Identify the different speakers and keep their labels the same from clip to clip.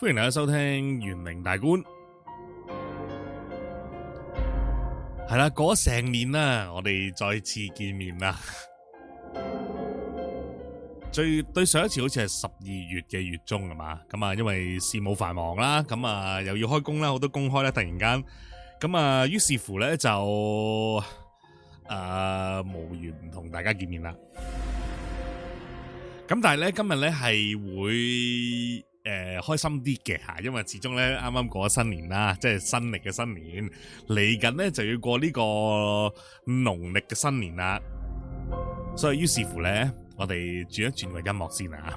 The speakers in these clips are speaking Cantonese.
Speaker 1: 歡迎大家收聽玄靈大觀，係啦，過咗成年啦，我哋再次見面啦。最對上一次好似係十二月嘅月中係嘛？咁啊，因為事務繁忙啦，咁啊又要開工啦，好多公開咧，突然間咁啊，於是乎咧就啊無緣唔同大家見面啦。咁但係咧今日咧係會。誒、呃，開心啲嘅吓，因為始終咧，啱啱過咗新年啦，即係新曆嘅新年嚟緊咧，呢就要過呢個農曆嘅新年啦，所以於是乎咧，我哋轉一轉個音樂先啦，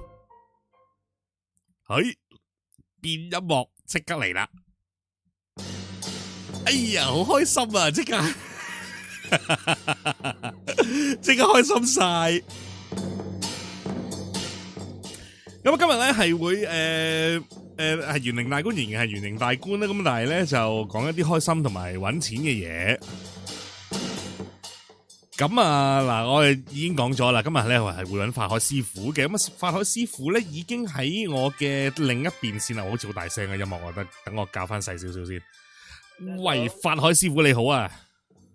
Speaker 1: 喺變音樂即刻嚟啦。哎呀，好、哎、開心啊，即刻， 即刻開心晒。咁今日咧，係會誒誒，係玄靈大觀，仍然係玄靈大觀。咁但係咧就講一啲開心同埋揾錢嘅嘢。咁啊，嗱，我哋已經講咗啦。今日咧我係會揾法鎧師傅嘅。咁啊，法鎧師傅咧已經喺我嘅另一邊線啦。好似好大聲嘅音樂，我得等我較翻細少少先。Hello. 喂，法鎧師傅你好啊！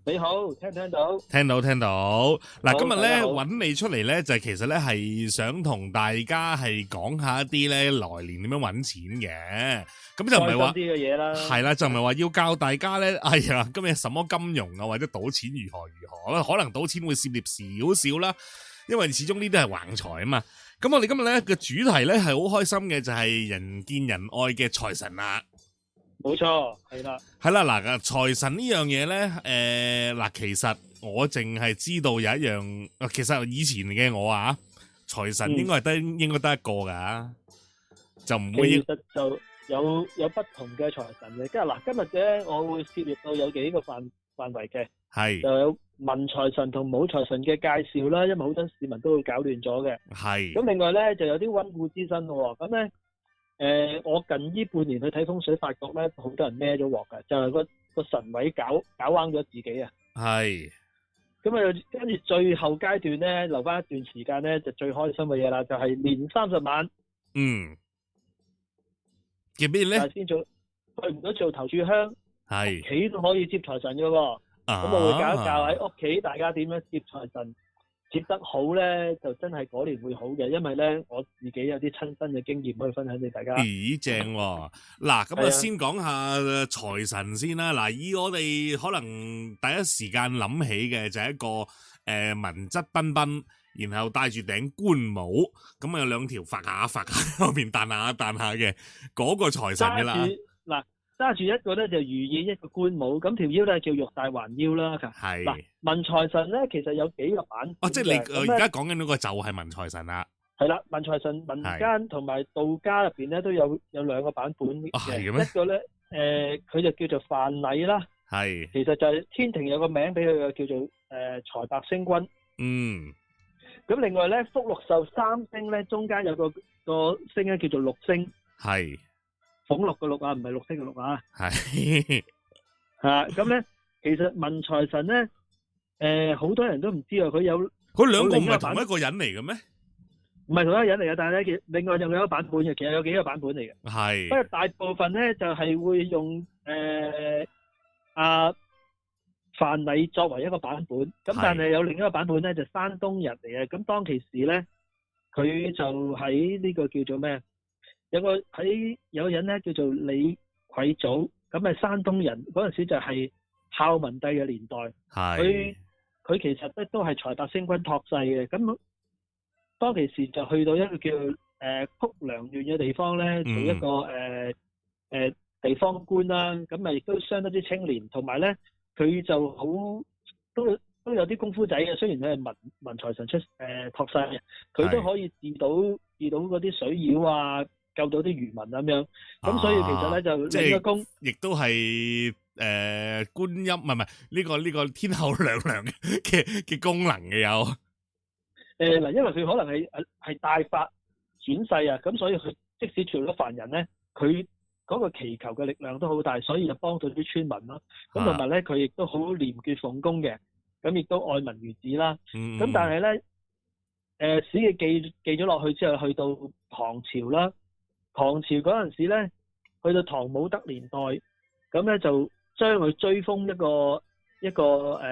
Speaker 1: 你好，聽唔聽到？聽到聽到，嗱好今日咧揾你出嚟咧，就是、其實咧係想同大家係講下一啲咧來年點樣搵錢嘅，咁就唔係話啲
Speaker 2: 嘅嘢啦，係
Speaker 1: 啦、啊，就唔係話要教大家咧，哎呀，今日什麼金融啊，或者賭錢如何如何、啊，可能賭錢會涉獵少少啦，因為始終呢啲係橫財啊嘛，咁我哋今日咧個主題咧係好開心嘅，就係人見人愛嘅財神啊！
Speaker 2: 冇錯，
Speaker 1: 係啦，係啦，嗱，財神呢樣嘢咧，誒，嗱，其實我淨係知道有一樣，其實以前嘅我啊，財神應該係得應該得一個噶，就唔會其
Speaker 2: 實就有有不同嘅財神嘅，今日嗱今日咧我會涉獵到有幾個範範圍嘅，係就有文財神同武財神嘅介紹啦，因為好多市民都會搞亂咗嘅，
Speaker 3: 係咁另
Speaker 2: 外咧就有啲温故知新咯，咁咧。誒、呃，我近呢半年去睇風水，發覺咧好多人孭咗鑊㗎，就係、是、個個神位搞搞彎咗自己啊。
Speaker 3: 係是，
Speaker 2: 咁啊，跟住最後階段咧，留翻一段時間咧，就最開心嘅嘢啦，就係、是、年三十晚。嗯。要咩咧？頭先做，去唔到做頭柱香。
Speaker 1: 係是。屋企
Speaker 2: 都可以接財神嘅、哦，咁、啊、
Speaker 1: 我會教一教
Speaker 2: 喺屋企大家點樣接財神。接得好咧，就真係嗰年會好嘅，因為咧我自己有啲親身嘅經驗可以分享俾大家。咦，
Speaker 1: 正喎！嗱，咁啊先講下財神先啦。嗱，以我哋可能第一時間諗起嘅就係一個誒文質彬彬，然後戴住頂官帽，咁啊有兩條發下發下後面彈下彈下嘅嗰個財神㗎啦。嗱。
Speaker 2: 揸住一個咧就如意，一個官帽，咁條腰咧叫玉帶環腰啦。係是文財神咧其實有幾個版即係、哦就是、你而家講
Speaker 1: 緊嗰個就係文財神啦。
Speaker 2: 係啦、嗯，文財神民間同埋道家入邊咧都有有兩個版本嘅。哦、一個咧誒，佢、呃、就叫做范蠡啦。
Speaker 1: 係是。其
Speaker 2: 實就係天庭有個名俾佢，叫做誒財帛星君。嗯。咁另外咧，福祿壽三星咧中間有個個星咧叫做祿星。係。俸祿嘅祿啊，唔係綠色嘅綠啊，係 啊，咁咧，其實文財神咧，誒、呃，好多人都唔知道佢有佢兩兩個，唔係同一個人嚟嘅咩？唔係同一個人嚟嘅，但係咧，另外仲有咗個版本嘅，其實有幾個版本嚟嘅。係是，不過大部分咧就係、是、會用誒、呃、啊范蠡作為一個版本，咁但係有另一個版本咧就是、山東人嚟嘅，咁當其時咧，佢就喺呢個叫做咩？有個喺有個人咧叫做李逵祖，咁係山東人，嗰陣時候就係孝文帝嘅年代。係佢佢其實咧都係財帛星君託世嘅，咁當其時就去到一個叫誒、呃、曲梁縣嘅地方咧，做一個誒誒、呃呃、地方官啦、啊。咁咪亦都相當之清廉，同埋咧佢就好都都有啲功夫仔嘅。雖然佢係文文財神出誒託、呃、世的，佢都可以治到治的到嗰啲水妖啊。救到啲漁民啊咁樣，咁所以其實咧就呢個功
Speaker 1: 亦都係誒觀音，唔係唔係呢個呢個天后娘娘嘅嘅功能嘅有。
Speaker 2: 誒嗱，因為佢可能係係大法轉世啊，咁所以佢即使除咗凡人咧，佢嗰個祈求嘅力量都好大，所以就幫到啲村民咯。咁同埋咧，佢亦都好廉潔奉公嘅，咁亦都愛民如子啦。咁但係咧，誒史記記咗落去之後，去到唐朝啦。唐朝嗰陣時咧，去到唐武德年代，咁咧就將佢追封一個一個誒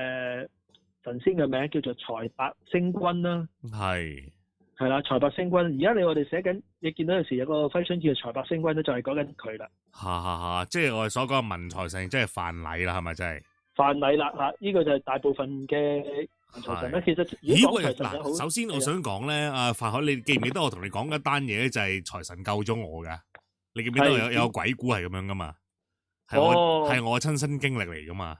Speaker 2: 神仙嘅名叫做財帛星君啦。
Speaker 1: 係
Speaker 2: 係啦，財帛星君。而家你我哋寫緊，你見到有時有個揮春字嘅財帛星君咧，就係講緊佢啦。
Speaker 1: 吓吓吓，即係我哋所講嘅文財神，即係范蠡啦，係咪真係
Speaker 2: 范蠡啦？吓，呢、這個就係大部分嘅。係咁咧，其實咦嗱，首先
Speaker 1: 我想講咧，阿法的、啊、鎧，你記唔記得我同你講一單嘢就係財神救咗我嘅？你記唔記得我有是的有個鬼故係咁樣噶嘛？係、哦、我係我親身經歷嚟噶嘛？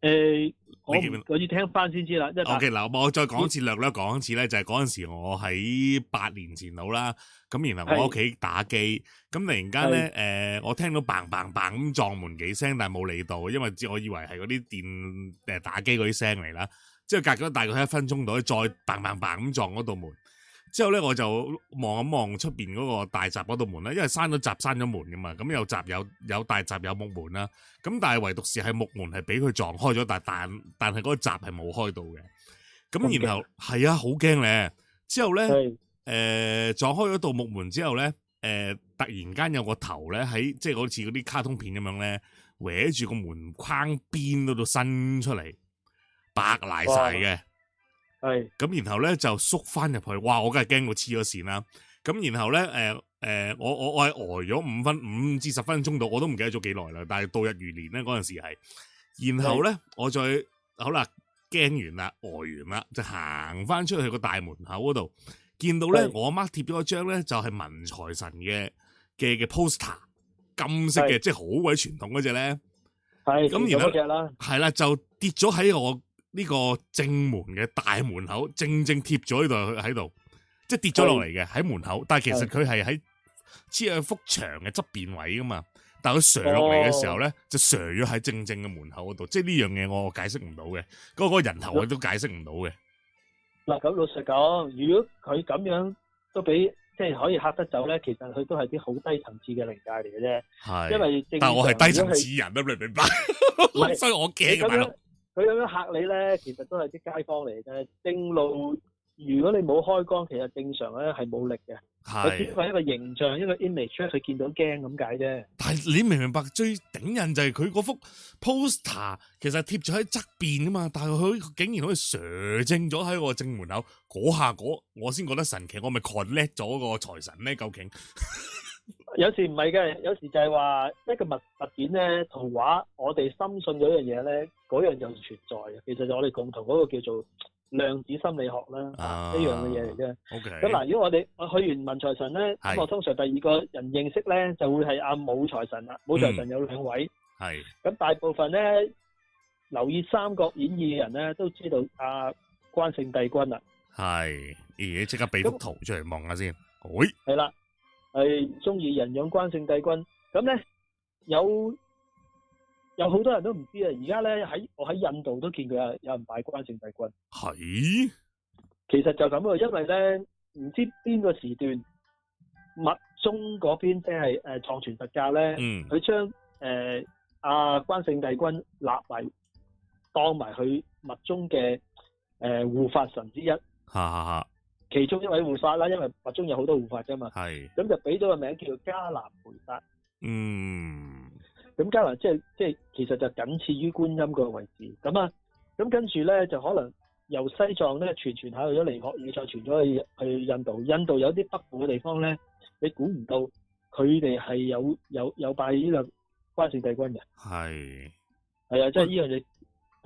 Speaker 1: 誒、欸，我，你記唔記得
Speaker 2: 我要聽翻先知啦。O.K. 嗱，我再講一次，
Speaker 1: 的略略講一次咧，就係嗰陣時我喺八年前度啦。咁然後我屋企打機，咁的突然間咧，誒的、呃，我聽到棒棒棒」咁撞門幾聲，但係冇理到，因為我以為係嗰啲電誒打機嗰啲聲嚟啦。即係隔咗大概一分鐘度，再 bang bang bang 咁撞嗰道門。之後咧，我就望一望出邊嗰個大閘嗰道門咧，因為閂咗閘、閂咗門噶嘛，咁有閘有有大閘有木門啦。咁但係唯獨是係木門係俾佢撞開咗，但但但係嗰個閘係冇開到嘅。咁然後係 Okay. 啊，好驚咧。之後咧，誒 Okay.、呃、撞開咗道木門之後咧，誒、呃、突然間有個頭咧喺即係好似嗰啲卡通片咁樣咧，歪住個門框邊嗰度伸出嚟。白瀨晒嘅。係咁，然後咧就縮翻入去，哇！我梗係驚我黐咗綫啦。咁然後咧，誒、呃、誒，我我我係呆咗五分五至十分鐘度，我都唔記得咗幾耐啦。但係度日如年咧嗰陣時係，然後咧是我再好啦，驚完啦，呆、呃、完啦，就行翻出去個大門口嗰度，見到咧是我阿媽貼咗一張咧就係文財神嘅嘅嘅 poster，金色嘅，是即係好鬼傳統嗰隻咧。係咁是，然後隻啦，係啦，就跌咗喺我。呢個正門嘅大門口正正貼咗喺度喺度，即係跌咗落嚟嘅喺門口。但係其實佢係喺黐喺幅牆嘅側邊位噶嘛。但係佢上落嚟嘅時候咧，就上咗喺正正嘅門口嗰度。即係呢樣嘢我解釋唔到嘅，嗰個人頭我都解釋唔到嘅。
Speaker 2: 嗱，咁老實講，如果佢咁樣都俾，即係可以嚇得走咧，其實佢都係啲好低層次嘅靈界嚟嘅啫。係，因為但係我係低層次人啦，你明白？所以我驚咁樣。佢咁樣嚇你咧，其實都係啲街坊嚟嘅。正路如果你冇開光，其實正常咧係冇力嘅。佢只係一個形象，一個 image，佢見到驚咁解啫。
Speaker 1: 但係你明唔明白，最頂癮就係佢嗰幅 poster，其實貼咗喺側邊噶嘛。但係佢竟然好似射正咗喺個正門口嗰下嗰，我先覺得神奇。我咪 collect 咗個財神咩？究竟？
Speaker 2: 有時唔係嘅，有時就係話一個物物件咧，圖畫，我哋深信嗰樣嘢咧，嗰樣就存在嘅。其實就我哋共同嗰個叫做量子心理學啦，一樣嘅嘢嚟嘅。咁嗱 okay,，如果我哋我去完文財神咧，咁是我通常第二個人認識咧，就會係阿武財神啦。武財神有兩位。係、嗯。咁大部分咧，留意三國演義嘅人咧，都知道阿、啊、關聖帝君啦。係，而家
Speaker 1: 即刻俾幅圖那出嚟望下先。喂、哎，
Speaker 2: 係啦。係中意人養關聖帝君，咁咧有有好多人都唔知啊！而家咧喺我喺印度都見佢啊，有人拜關聖帝君，係是，其實就咁啊，因為咧唔知邊個時段，密宗嗰邊即係誒藏傳佛教咧，嗯，佢將誒阿關聖帝君立為當埋佢密宗嘅誒護法神之一。哈哈哈。其中一位護法啦，因為白中有好多護法㗎嘛。係是。咁就俾咗個名叫做伽藍護法。嗯。咁伽藍即係即係其實就僅次於觀音個位置。咁啊，咁跟住咧就可能由西藏咧傳傳下去咗尼泊爾再傳咗去去印度。印度有啲北部嘅地方咧，你估唔到佢哋係有有有拜呢個關聖帝君嘅。
Speaker 1: 係是。
Speaker 2: 係啊，即係
Speaker 1: 呢樣嘢，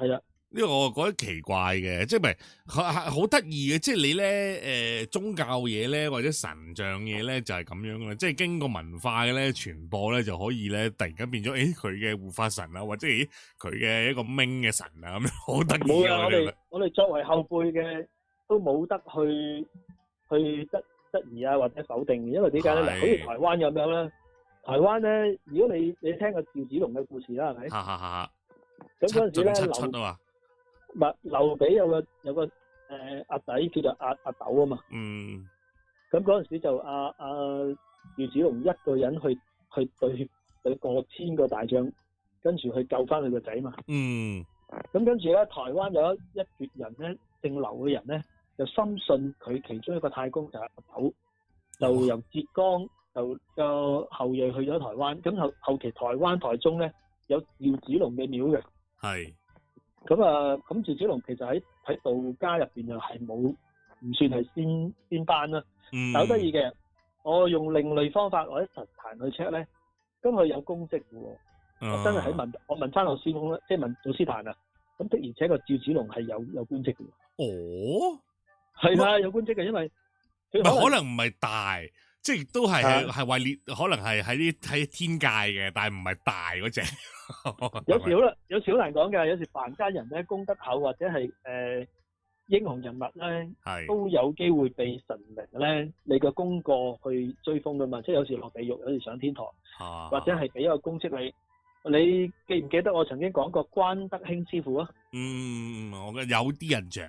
Speaker 1: 係啦喂。呢個我覺得奇怪嘅，即係唔係？係好得意嘅，即係你咧誒、呃、宗教嘢咧，或者神像嘢咧，就係、是、咁樣啦。即係經過文化嘅咧傳播咧，就可以咧突然間變咗，誒佢嘅護法神啊，或者誒佢嘅一個咩嘅神啊，咁樣好得意啊！對我哋們我哋作為後輩嘅都冇
Speaker 2: 得去去質質疑啊，或者否定嘅，因為點解咧？好似是台灣咁樣啦，台灣咧，如果你你聽過趙子龍嘅故事啦，係咪？哈哈哈！咁嗰陣時咧，唔係劉備有個有個誒阿弟叫做阿阿斗啊嘛，嗯，咁嗰陣時就阿阿趙子龍一個人去去對對過千個大將，跟住去救翻佢個仔嘛，嗯，咁跟住咧台灣有一一撮人咧姓劉嘅人咧，就深信佢其中一個太公就係阿斗，就由浙江就個後裔去咗台灣，咁後後期台灣台中咧有趙子龍嘅廟嘅，係。咁啊，咁趙子龍其實喺喺道家入邊又係冇，唔算係先先班啦。但係好得意嘅，我用另類方法，我喺神壇去 check 咧，咁佢有官職嘅。我真係喺問，我問翻老師傅啦，即係問祖師壇啊。咁的而且確趙子龍係有有官職嘅。哦，係啦，有官職嘅，因為佢可能
Speaker 1: 唔係大。即係都係係為列，可能係喺啲喺天界嘅，但係唔係大嗰隻。 有少
Speaker 2: 啦，有少難講嘅。有時凡間人咧，功德口，或者係誒、呃、英雄人物咧，係是都有機會被神明咧，你個功過去追封噶嘛。即係有時落地獄，有時上天堂，uh, 或者係俾一個公式你。你記唔記得我曾經講過關德興師傅啊？
Speaker 1: 嗯，我覺得有啲印象。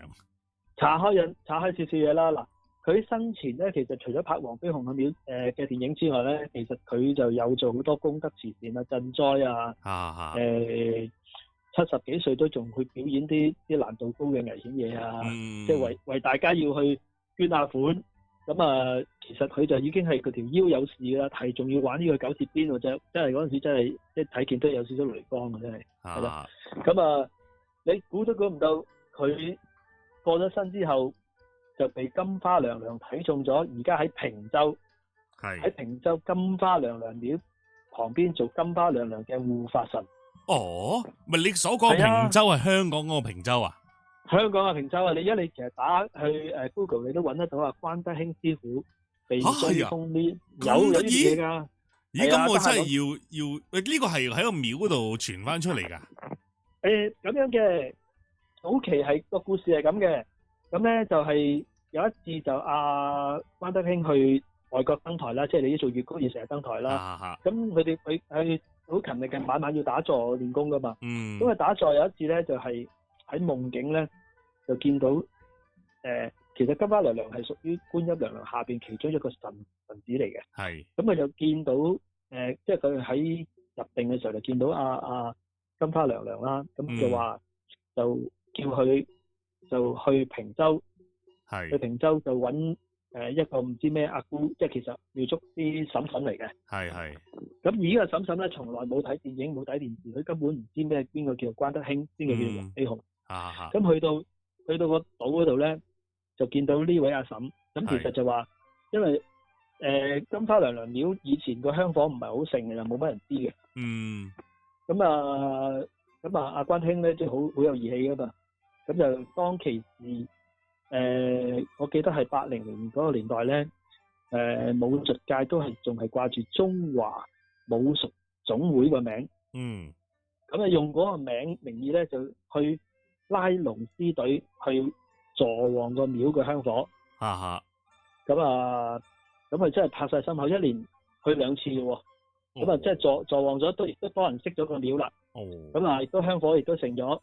Speaker 2: 查開印，查開少少嘢啦嗱。佢生前咧，其實除咗拍《黃飛鴻》啊、苗誒嘅電影之外咧，其實佢就有做好多功德慈善啊、賑災啊，誒七十幾歲都仲去表演啲啲難度高嘅危險嘢啊，即係為為大家要去捐下款。咁啊，其實佢就已經係佢條腰有事啦，係仲要玩呢個九節鞭，或者真係嗰陣時真係即係睇見都有少少雷光啊，真係。啊！咁啊，你估都估唔到佢過咗身之後。就被金花娘娘睇中咗，而家喺平洲，喺是平洲金花娘娘廟旁邊做金花娘娘嘅護法神。哦，
Speaker 1: 咪你所講平洲係香港嗰個平洲啊？
Speaker 2: 香港啊平洲啊，你而家你其實打去誒 Google，你都揾得到啊！關德興師傅被封吓，係啊，有啲嘢噶。咦，咁、啊、我真係
Speaker 1: 要那要誒，呢個係喺個廟嗰度傳翻出嚟噶？
Speaker 2: 誒，咁樣嘅，早期係個故事係咁嘅。咁咧就係、是、有一次就阿、啊、關德興去外國登台啦，即係你啲做粵曲要成日登台啦。咁佢哋佢佢好勤力嘅，晚晚要打坐練功㗎嘛。咁啊、嗯、打坐有一次咧就係、是、喺夢境咧就見到誒、呃，其實金花娘娘係屬於觀音娘娘下邊其中一個神神子嚟嘅。係是。咁佢就見到誒，即係佢喺入定嘅時候就見到阿、啊、阿、啊、金花娘娘啦。咁就話就叫佢、嗯。嗯就去平洲，係是去平洲就揾誒、呃、一個唔知咩阿姑，即係其實要捉啲嬸嬸嚟嘅。
Speaker 3: 係係是。
Speaker 2: 咁而家個嬸嬸咧，從來冇睇電影，冇睇電視，佢根本唔知咩邊個叫做關德興，邊個、嗯、叫黃飛鴻。啊咁哈去到去到個島嗰度咧，就見到呢位阿嬸。咁其實就話，是因為誒、呃、金花娘娘廟以前個香火唔係好盛嘅，又冇乜人知嘅。嗯。咁啊，咁啊，阿關興咧，即係好好有義氣㗎嘛～咁就當其時，誒、呃，我記得係八零年嗰個年代咧，誒、呃，武術界都係仲係掛住中華武術總會個名，嗯，咁啊，用嗰個名名義咧，就去拉龍獅隊去助旺個廟個香火，
Speaker 3: 嚇嚇哈，
Speaker 2: 咁啊，咁啊，真係拍晒心口，一年去兩次嘅喎，咁啊、哦，即係助助旺咗，都亦都多人識咗個廟啦，哦，咁啊，亦都香火亦都成咗。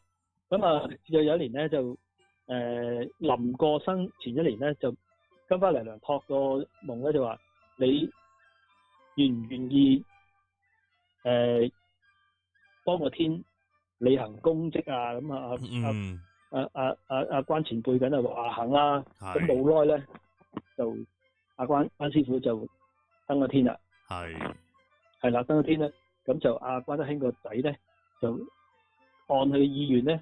Speaker 2: 咁啊，又有一年咧，就誒臨、呃、過生前一年咧，就跟翻娘娘託個夢咧，就話：呃「你願唔願意誒幫個天履行公職啊？」咁啊，阿阿阿阿關前輩緊啊，話行啦、啊。咁冇耐咧，就阿關關師傅就登咗天啦。係係啦，登咗天咧，咁就阿關德興個仔咧，就按佢嘅意願咧。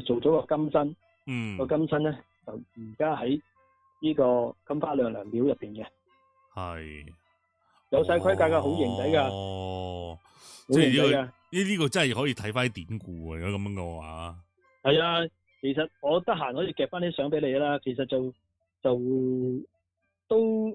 Speaker 2: 就做咗個金身，個、嗯、金身咧就而家喺呢個金花娘娘廟入邊嘅，
Speaker 1: 係是有晒規格嘅好型仔噶，哦、好型仔、即係呢呢個真係可以睇翻典故啊！如果咁樣嘅話，
Speaker 2: 係啊，其實我得閒可以夾翻啲相俾你啦。其實就就都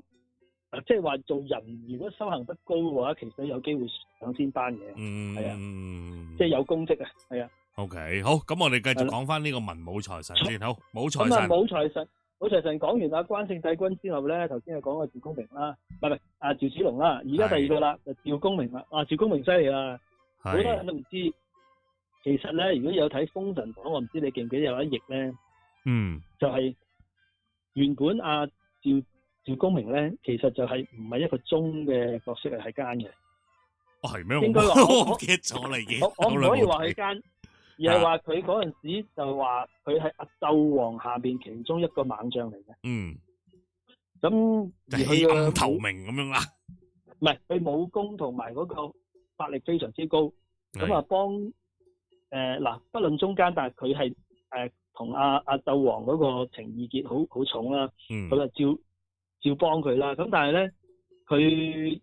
Speaker 2: 即係話做人，如果修行得高嘅話，其實有機會上仙班嘅，係、嗯、啊，即、就、係、是、有功績啊，係啊。
Speaker 1: O K，好，咁我哋繼續講翻呢個文武財神先，好，武財神，武
Speaker 2: 財神，武財神講完阿關聖帝君之後咧，頭先係講阿趙公明啦，唔係唔係阿趙子龍啦，而家第二個啦就趙公明啦，阿趙公明犀利啊，好多人都唔知，其實咧如果有睇《封神榜》，我唔知你記唔記得有一役咧，嗯，就係原本阿趙趙公明咧，其實就係唔係一個忠嘅角色嚟，係奸嘅，係咩？應該話我 get 咗嚟嘅，我唔可以話係奸。而係話佢嗰陣時就話佢係阿紂王下邊其中一個猛將嚟
Speaker 1: 嘅，嗯，咁而佢要投名咁樣啦，
Speaker 2: 唔係佢武功同埋嗰個法力非常之高，咁啊幫誒嗱不論中間，但係佢係誒同阿阿紂王嗰個情意結好好重啦，咁啊照照幫佢啦，咁但係咧佢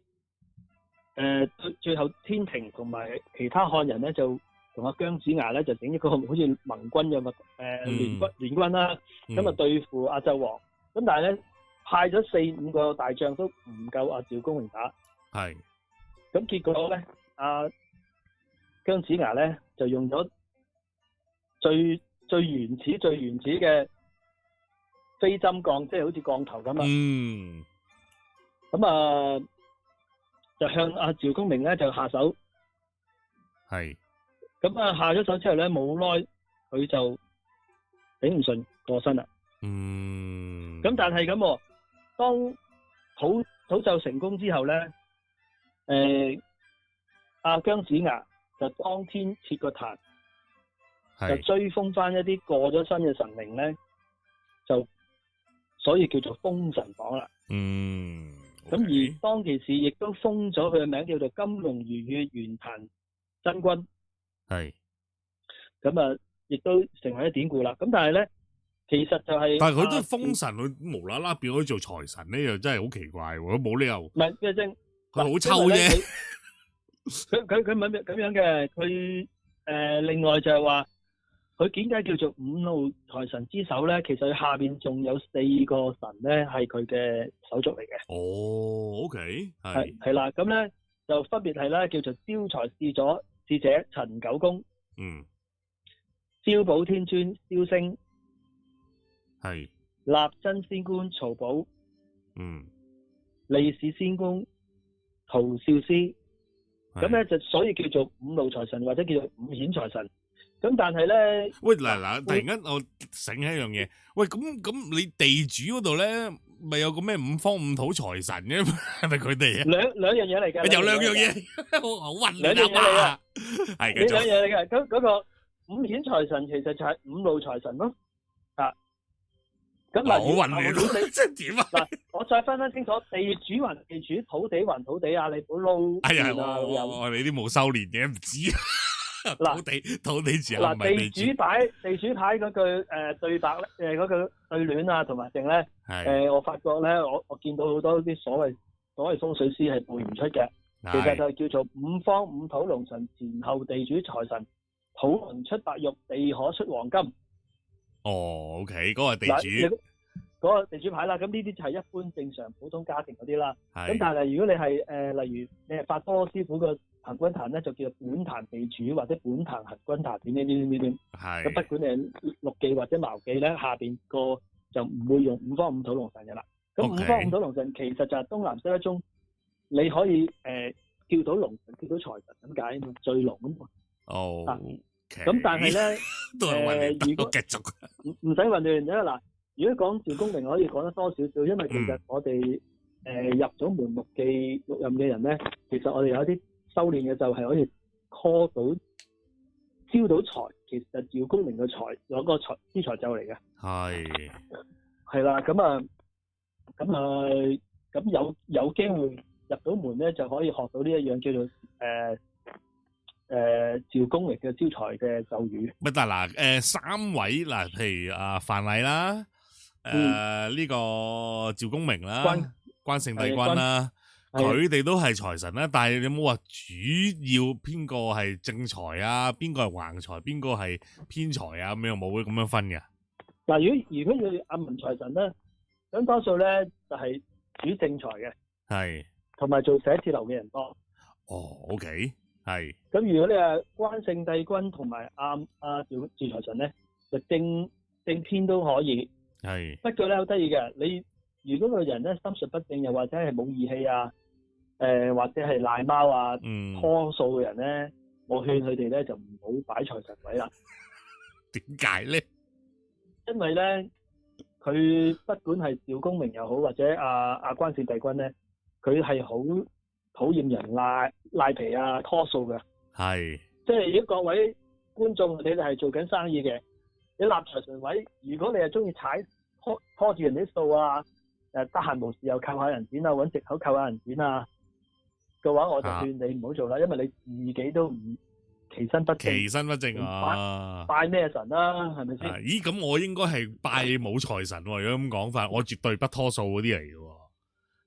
Speaker 2: 誒最最後天庭同埋其他漢人咧就。同阿姜子牙咧就整一個好似盟軍嘅物，誒、呃、聯、嗯、軍聯軍啦、啊，咁啊、嗯、對付阿紂王，咁但係咧派咗四五個大將都唔夠阿趙公明打，
Speaker 3: 係是，
Speaker 2: 咁結果咧阿、啊、姜子牙咧就用咗最最原始最原始嘅飛針降，即、就、係、是、好似降頭咁啊，嗯，咁啊就向阿、啊、趙公明咧就下手，係。咁啊，下咗手之後咧，冇耐佢就頂唔順過身啦。嗯。咁但係咁，當土土就成功之後咧，誒、呃、阿姜子牙就當天設個壇，是就追封翻一啲過咗身嘅神靈咧，就所以叫做封神榜啦。嗯。咁而當其時亦都封咗佢嘅名叫做金龍如月圓壇真君。係，咁啊，亦、嗯、都成為咗典故啦。咁但係咧，其實就係、是，但係佢都封神，佢、啊、無啦
Speaker 1: 啦變咗做財神呢？又真係好奇怪，佢冇理由。唔係，阿正，佢好抽啫。
Speaker 2: 佢佢佢係咁樣嘅，佢誒、呃，另外就係話，佢點解叫做五路財神之首咧？其實佢下邊仲有四個神咧，係佢嘅手足嚟嘅。哦，OK，係係啦，咁咧就分別係咧叫做招財、仕咗。智者陳九公，嗯，招寶天尊蕭升，係，是立真仙官曹寶，嗯，利市仙公陶少師，咁咧是就所以叫做五路財神或者叫做五顯財神，咁但係咧，
Speaker 1: 喂嗱嗱，突然間我醒起一樣嘢，喂咁咁你地主嗰度咧？咪有個咩五方五土財神嘅，係咪佢哋啊？兩
Speaker 2: 兩樣嘢嚟噶，有兩樣嘢好混兩樣嘢嚟啊，係。兩樣嘢嚟嘅，嗰嗰個五顯財神其實就係五路財神咯。
Speaker 3: 吓，咁嗱，嗱如果你即
Speaker 2: 係點啊？嗱，我再分返清楚，地主還地主，土地還土地啊！你冇窿，係啊，老友，
Speaker 1: 我話你啲冇修年嘅唔知。
Speaker 2: 土地，
Speaker 1: 土地字、呃、啊！嗱地主
Speaker 2: 牌，地主牌嗰句誒對白咧，誒嗰句對聯啊，同埋定咧，誒我發覺咧，我我見到好多啲所謂所謂風水師係背唔出嘅，的其實就叫做五方五土龍神前後地主財神土能出白玉，地可出黃金。
Speaker 3: 哦，OK，嗰個是地主，嗰、
Speaker 2: 嗰個地主牌啦，咁呢啲就係一般正常普通家庭嗰啲啦。咁的但係如果你係誒、呃、例如你係法多師傅嘅。行軍壇咧就叫做本壇地主，或者本壇行軍壇點點點點點。係咁，不管你係六記或者茅記咧，下邊個就唔會用五方五土龍神嘅啦。咁五方五土龍神其實就係東南西北中，你可以誒叫到龍神，叫到財神咁解啊嘛，聚龍咁啊。
Speaker 3: 哦，咁但
Speaker 2: 係咧誒，嗱，如果講趙公明，可以講得多少少，因為其實我哋誒入咗門六記六任嘅人咧，其實我哋有一啲。修煉嘅就係可以 call 到招到財，其實趙公明嘅財是有個財招財咒嚟嘅，係係啦，咁啊，咁啊，咁有有機會入到門咧，就可以學到呢一樣叫做誒誒趙公明嘅招財嘅咒語。乜？
Speaker 1: 得、呃、嗱，誒三位嗱，譬如阿、呃、范禮啦，誒、呃、呢、嗯、個趙公明啦關，關關聖帝君啦。佢哋都係財神啦，但係你冇話主要邊個係正財啊，邊個係橫財，邊個係偏財啊，咁樣冇會咁樣分嘅。
Speaker 2: 嗱，如果如果要阿文財神咧，咁多數咧就係主正財嘅，
Speaker 1: 係是，
Speaker 2: 同埋做寫字樓嘅人多。哦
Speaker 1: ，OK，係。
Speaker 2: 咁如果你話關聖帝君同埋阿阿趙趙財神咧，就正正偏都可以，
Speaker 1: 係是。
Speaker 2: 不過咧好得意嘅，你如果個人咧心術不正，又或者係冇義氣啊。誒、呃，或者係賴貓啊、嗯、拖數嘅人咧，我勸佢哋咧就唔好擺財神位啦。
Speaker 1: 點解
Speaker 2: 咧？因為咧，佢不管係趙公明又好，或者阿、啊、阿、啊、關聖帝君咧，佢係好討厭人賴賴皮啊、拖數嘅。
Speaker 1: 係是
Speaker 2: 即係，如果各位觀眾你哋係做緊生意嘅，你立財神位，如果你係中意踩拖拖住人啲數啊，誒得閒無事又扣下人錢啊，揾藉口扣下人錢啊。嘅話，我就勸你唔好做啦，啊、因為你自己都唔
Speaker 1: 其身不正，其身不正啊！
Speaker 2: 拜咩神啦、啊，係咪先？
Speaker 1: 咦，咁我應該係拜武財神喎、啊？啊、如果咁講法，我絕對不拖數嗰啲嚟嘅，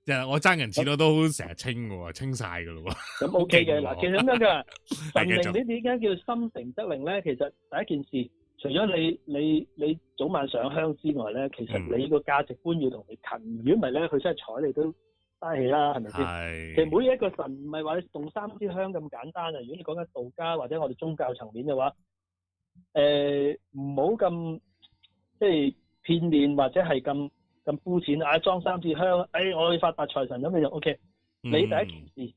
Speaker 1: 即係、啊、我爭人錢我都成日清嘅，啊、清晒嘅咯喎。咁、啊、OK 嘅，嗱、 啊，其實
Speaker 2: 咁樣嘅 神明，你點解叫心誠則靈咧？其實第一件事，除咗你你你，你早晚上香之外咧，其實你個價值觀要同你近，如果唔係咧，佢真係睬你都嘥氣啦，係咪先？是其實每一個神唔係話你送三支香咁簡單啊！如果你講緊道家或者我哋宗教層面嘅話，誒，唔好咁即係片面或者係咁咁膚淺啊！裝三支香，哎，我去發達財神咁就 o、OK, k、嗯、你第一件事，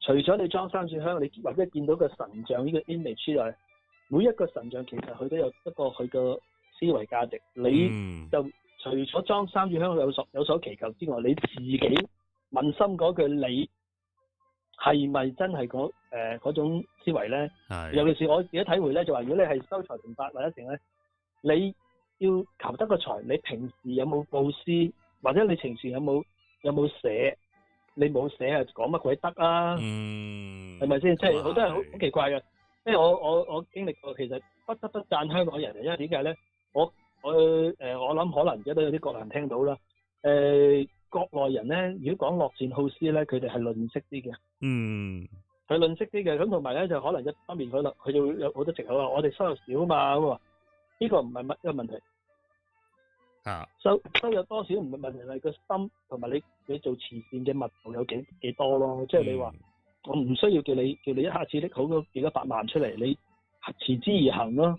Speaker 2: 除咗你裝三支香，你或者見到個神像呢個 image 之外，每一個神像其實佢都有一個佢嘅思維價值，你就。嗯除咗裝三炷香有所有所祈求之外，你自己問心嗰句，你係咪真係嗰誒種思維咧？係
Speaker 3: 的。尤其是
Speaker 2: 我自己體會咧，就話、是、如果你係修財神法或者成咧，你要求得個財，你平時有冇佈施，或者你情時有冇有冇捨？你冇捨啊，講乜鬼得啊？嗯，係咪先？即係是好的多人好好奇怪嘅，即係我我我經歷過，其實不得不讚香港的人，因為點解咧？我，我誒、呃，我諗可能而家都有啲國人聽到啦。誒、呃，國內人咧，如果講樂善好施咧，佢哋係吝嗇啲嘅。嗯，佢吝嗇啲嘅。咁同埋咧，就可能一方面佢，佢就有好多藉口話：我哋收入少啊嘛。咁啊，呢、這個唔係乜嘢問題。
Speaker 3: 啊，
Speaker 2: 收、so, 收入多少唔係問題，係個心同埋你你做慈善嘅密度有幾幾多咯。即、就、係、是、你話、嗯、我唔需要叫你叫你一下子搦好個幾多百萬出嚟，你持之以恆咯。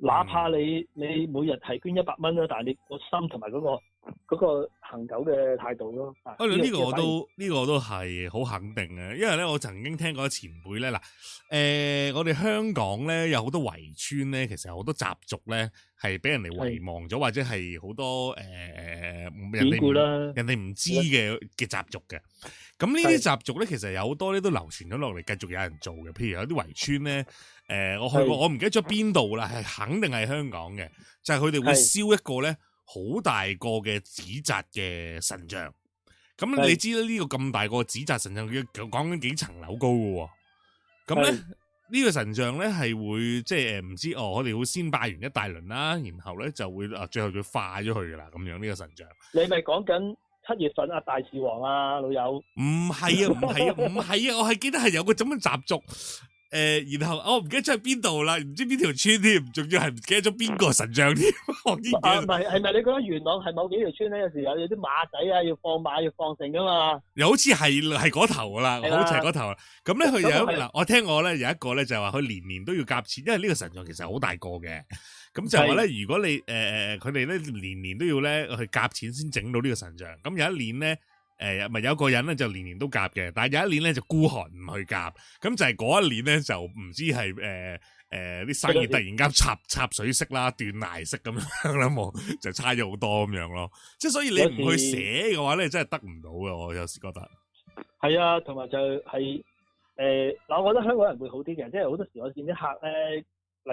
Speaker 2: 哪怕你你每日係捐一百蚊啦，但係你個心、嗰個心同埋嗰個恆久嘅態度咯。啊，呢個我都
Speaker 1: 呢個我都係好肯定嘅，因為咧我曾經聽過前輩咧嗱，誒、呃、我哋香港咧有好多圍村咧，其實有好多習俗咧係俾人哋遺忘咗，是或者係好多誒、呃、人哋唔人哋唔知嘅嘅習俗嘅。咁呢啲習俗咧，其實有好多咧都流傳咗落嚟，繼續有人做嘅。譬如有啲圍村咧。誒、呃，我去過，是我唔記得咗邊度啦，係肯定係香港嘅，就係佢哋會燒一個咧好是大個嘅紙紮嘅神像。
Speaker 2: 咁是你知
Speaker 1: 啦，呢個咁大個紙紮神像的，佢講緊幾層樓高嘅。咁咧呢個神像咧係會即係誒，唔知哦，我哋會先拜完一大輪啦，然後咧就會啊，最後佢化咗去噶啦，咁樣呢、這個神像。
Speaker 2: 你咪講緊七月份啊，大士王啊，老友。唔係啊，唔係啊，唔係
Speaker 1: 啊，我係記得係有個咁嘅習俗。誒、呃，然後、哦、我唔記得咗係邊度啦，唔知邊條村添，仲要係唔記得咗邊個神像添，學呢
Speaker 2: 啲。唔係，係咪你覺得元朗係某幾條村呢？有時有有啲馬仔啊，要放馬要放成噶嘛？
Speaker 1: 又好似係係嗰頭噶啦，的好似係嗰頭。咁咧佢有嗱，是我聽我咧有一個咧就話佢年年都要夾錢，因為呢個神像其實好大個嘅。咁就話咧，是的 如果你誒誒，佢哋咧年年都要咧去夾錢先整到呢個神像。咁有一年咧。誒，咪、欸、有一個人咧就年年都夾嘅，但係有一年咧就孤寒唔去夾，咁就係嗰一年咧就唔知係誒誒啲生意突然間插插水式啦斷崖式咁樣啦，就差咗好多咁樣咯。即係所以你唔去寫嘅話咧，時真係得唔到嘅。我有時覺得
Speaker 2: 係啊，同埋就係、是、誒，嗱、呃，我覺得香港人會好啲嘅，即係好多時我見啲客咧，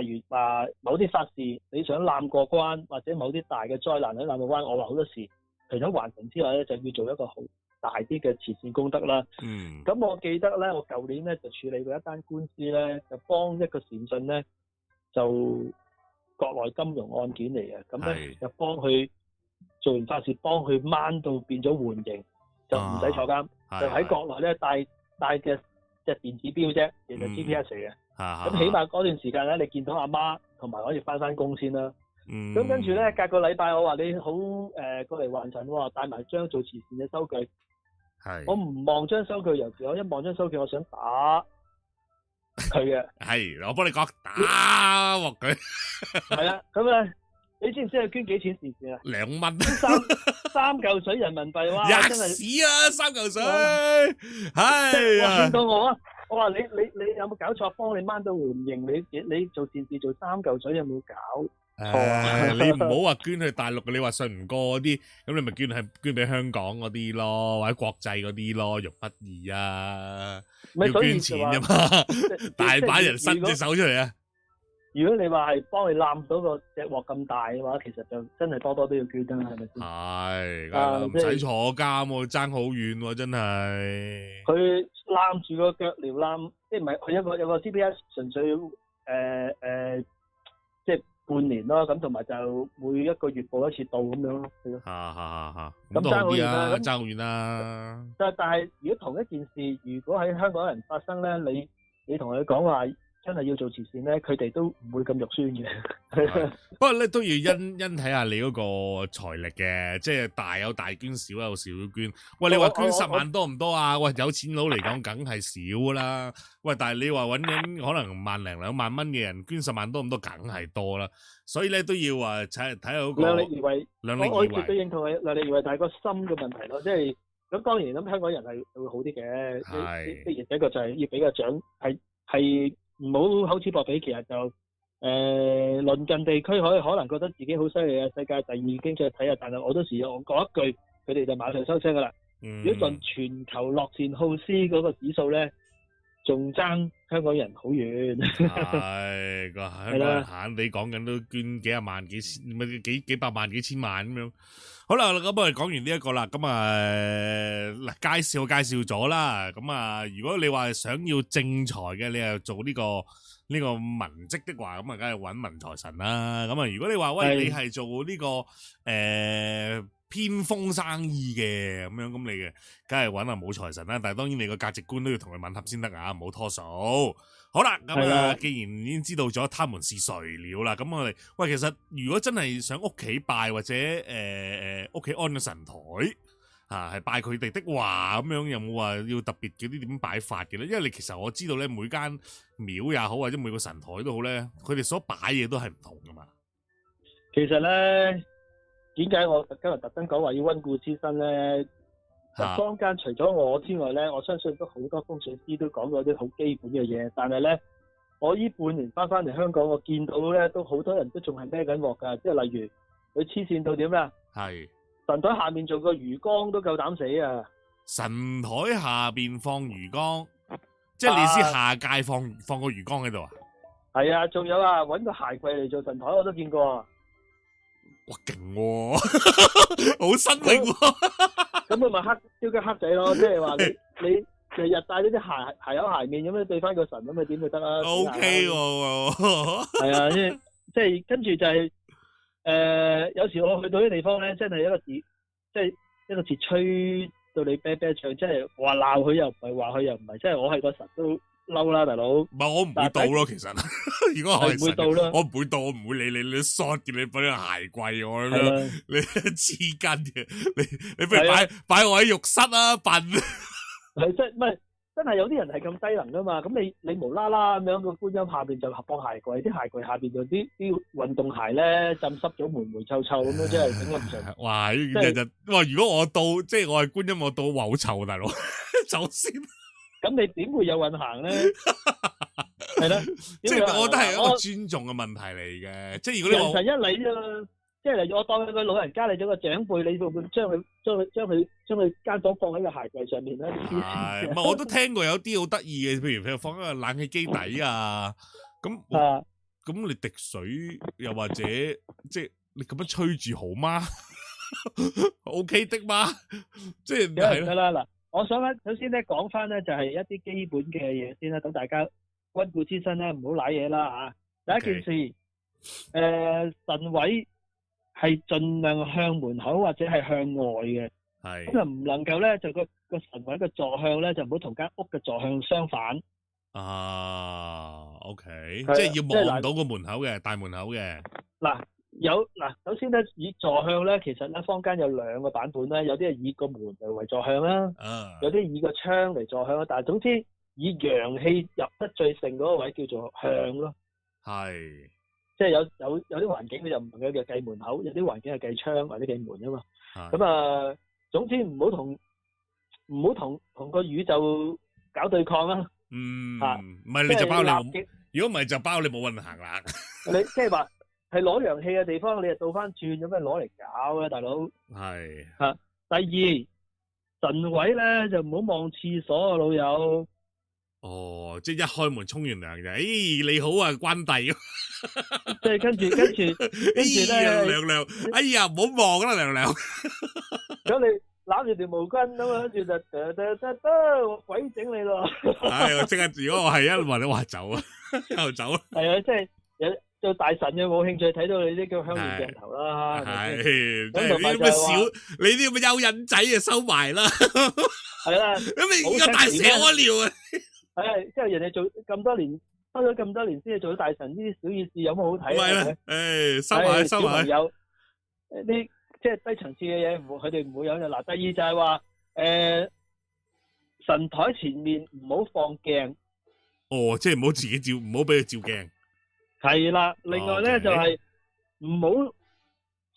Speaker 2: 例如話某啲法事，你想冧過關或者某啲大嘅災難喺冧過關，我話好多時。除咗還神之外咧，就要做一個好大啲嘅慈善功德啦。嗯。咁我記得咧，我舊年咧就處理過一單官司咧，就幫一個善信咧，就國內金融案件嚟嘅。咁咧是就幫佢做完法事，幫佢掹到變咗緩刑，就唔使坐監，啊、就喺國內咧戴戴隻隻電子錶啫，其實 GPS 嚟嘅。
Speaker 3: 咁、嗯啊、起碼
Speaker 2: 嗰段時間咧，你見到阿媽，同埋可以翻返工先啦。咁、嗯、跟住咧，隔個禮拜我話你好誒、呃、過嚟還診，我帶埋張做慈善嘅收據。係是我唔望張收據，尤其我一望張收據，我想打佢
Speaker 1: 嘅。係 我幫你講打鑊佢。
Speaker 2: 係啦、 啊，咁咧你知唔知佢捐幾錢慈善啊？兩蚊元笑三三嚿水人民幣哇！吔屎啊！哇三嚿水係啊！傳、哎、呀 到我啊！我話你你你，你有冇搞錯？幫你掹到換型，你你做善事做三嚿水有冇搞？誒，啊、你唔好話
Speaker 1: 捐去大陸你話信唔過嗰啲，咁你咪捐係捐俾香港嗰啲咯，或者國際嗰啲咯，肉不二啊，要捐錢啫嘛，
Speaker 2: 大把人伸隻手出嚟啊！如果你話係幫你攬到個隻鑊咁大嘅話，其實就真係多多都要捐啦，係咪先？係，
Speaker 1: 唔使、啊、坐監、啊，爭好遠，真係。佢
Speaker 2: 攬住個腳鐐攬，即係唔係？佢有一個有個 GPS，純粹誒誒。呃呃半年咯，咁同埋就每一個月報一次到咁樣咯。
Speaker 1: 嚇嚇嚇嚇，咁爭好遠啦、啊，咁
Speaker 2: 爭啦。但係，如果同一件事如果喺香港人發生咧，你你同佢講話。真係要做慈善咧，佢哋都唔會咁肉酸嘅。是。
Speaker 1: 不過咧都要因因睇下你嗰個財力嘅，即係大有大捐，少有少捐。喂，你話捐十萬多唔多啊？喂，有錢佬嚟講梗係少啦，喂，但係你話搵緊可能萬零兩萬蚊嘅人捐十萬多唔多，多，梗係多啦。所以咧都要話、啊、睇下睇下嗰個。量力而為，我我完全都認同嘅。量
Speaker 2: 力而為，但係個心嘅問題咯，即係咁當然咁，香港人係會好啲嘅。係是，第一個就係要俾個獎，係係。唔好口齒薄比，其實就誒、呃、鄰近地區可以可能覺得自己好犀利啊！世界第二經濟體啊！但係我當時我講一句，佢哋就馬上收聲噶啦。嗯、如果按全球樂善好施嗰個指數咧，仲爭香港人好遠。
Speaker 1: 係個唉 香港人閒地講緊都捐幾廿萬幾千，咪幾幾百萬幾千萬咁樣。好啦，咁我哋講完呢一個啦，咁啊嗱介紹介紹咗啦，咁啊如果你話想要正財嘅，你又做呢、這個呢、這個文職的話，咁啊梗係揾文財神啦。咁啊如果你話喂、嗯、你係做呢、這個誒、呃、偏鋒生意嘅咁樣，咁你嘅梗係揾阿武財神啦、啊。但係當然你個價值觀都要同佢吻合先得啊，唔好拖數。好啦，咁既然已經知道咗他們是誰了啦，咁我哋喂，其實如果真係想屋企拜或者誒誒屋企安個神台啊，係拜佢哋的話，咁樣有冇話要特別嗰啲點擺法嘅咧？因為你其實我知道咧，每間廟也好或者每個神台都好咧，佢哋所擺嘢，都係唔同噶嘛。
Speaker 2: 其實咧，點解我今日特登講話要溫故知新咧？坊、啊、間除咗我之外咧，我相信都好多風水師都講過啲好基本嘅嘢，但係咧，我依半年翻翻嚟香港，我見到咧都好多人都仲係孭緊鑊㗎，即係例如佢黐線到點咧？係是神台下面做個魚缸都夠膽死啊！
Speaker 1: 神台下邊放魚缸，啊、即係你意思下界放放個魚缸喺度啊？
Speaker 2: 係啊，仲有啊，揾個鞋櫃嚟做神台我都見過。哇勁、哦、好新明喎，咁佢咪黑，叫佢黑仔咯，即係話你日日帶呢啲鞋鞋有鞋面咁樣對翻個神咁咪點會得啦，O K 喎，係啊，即係即係跟住就係、是、誒、呃，有時我去到啲地方咧，真係一個字，即係一個字吹到你啤啤唱，即係話鬧佢又唔係，話佢又唔係，即係我係個神都。嬲啦，大佬！唔係我唔會到咯，是其實如果可以，我唔會
Speaker 1: 到，我唔會理你，你索掂你，你，你俾啲鞋櫃我，是的你黐筋嘅，你你，你不如擺擺的我喺浴室啊，扮！
Speaker 2: 浴室唔係真係有啲人係咁低能噶嘛？咁你你無啦啦咁樣個觀音下邊就合放鞋櫃，啲鞋櫃下邊就啲啲運動鞋咧浸濕咗，霉霉臭臭咁
Speaker 1: 樣，真係整得唔上。就是、哇！就話、是、如果我到，即係我係觀音，我到話好臭，大佬，
Speaker 2: 走先。咁你點會有運行咧？係啦， 即係 我覺得係一個尊重
Speaker 1: 嘅問題嚟嘅。我即係如果你人神
Speaker 2: 一禮啫、啊、即係嚟我當佢個老人家，你咗個長輩，你會唔會將佢將佢將佢將佢間房放喺個鞋櫃上面咧？係唔係， 我都聽過有啲好
Speaker 1: 得意嘅，譬如佢放喺個冷氣機底啊。咁咁 那你滴水又或者 即係你咁樣吹住好嗎 ？OK
Speaker 2: 的嗎？ 即係係啦嗱。我想咧，首先咧，講翻咧就係一啲基本嘅嘢先啦，等大家溫故知新啦，唔好瀨嘢啦吓。第一件事，誒，神位係盡量向門口或者係向外嘅，
Speaker 1: 咁就唔
Speaker 2: 能夠咧就個個神位嘅坐向咧就唔好同間屋嘅坐向相反。啊，OK，
Speaker 1: 即係要望到個門口嘅大門口嘅
Speaker 2: 嗱。有嗱，首先咧以坐向咧，其實咧坊間有兩個版本咧，有啲係以個門嚟為坐向啦，有啲以個窗嚟坐向，但係總之以陽氣入得最盛嗰個位叫做向咯。係，即係有有有啲環境你就唔能夠計門口；有啲環境係計窗，或者計門啊嘛。咁啊，總之唔好同唔好同同個宇宙搞對抗啦。嗯，啊，唔係你就包你，如
Speaker 1: 果唔係就包你冇運
Speaker 2: 行啦。你即係話。係攞陽氣嘅地方，你又倒翻轉做咩攞嚟搞啊，大
Speaker 1: 佬？
Speaker 2: 係嚇。第二神位咧就唔好望廁所，老友。
Speaker 1: 哦，即係一開門沖完涼就，哎，你好啊，關帝。即係跟住跟住跟住咧，娘娘，哎呀，唔好望啦，娘娘。咁
Speaker 2: 你攬住條毛巾咁樣，跟住就得得得得，我鬼整你咯。
Speaker 1: 哎，即係！如果我係一路話你話走
Speaker 2: 啊，一路走。係啊，即係有。做大神嘅冇興趣睇到你啲叫香艷鏡頭啦，係嗰啲咁小，你啲咁嘅
Speaker 1: 幽仔、啊、有人仔啊收埋啦，係啦。咁你而家大蛇屙尿
Speaker 2: 啊？係即係人哋做咁多年，收咗咁多年先至做到大神。呢啲小意思有冇好睇？唔係啦，
Speaker 3: 收埋收埋有
Speaker 2: 啲即係低層次嘅嘢，佢哋唔會有。嗱，第二就係話誒，神台前面唔好放鏡。
Speaker 1: 哦，即係唔好自己照，唔好俾佢照鏡。
Speaker 2: 係啦，另外咧 Okay. 就係唔好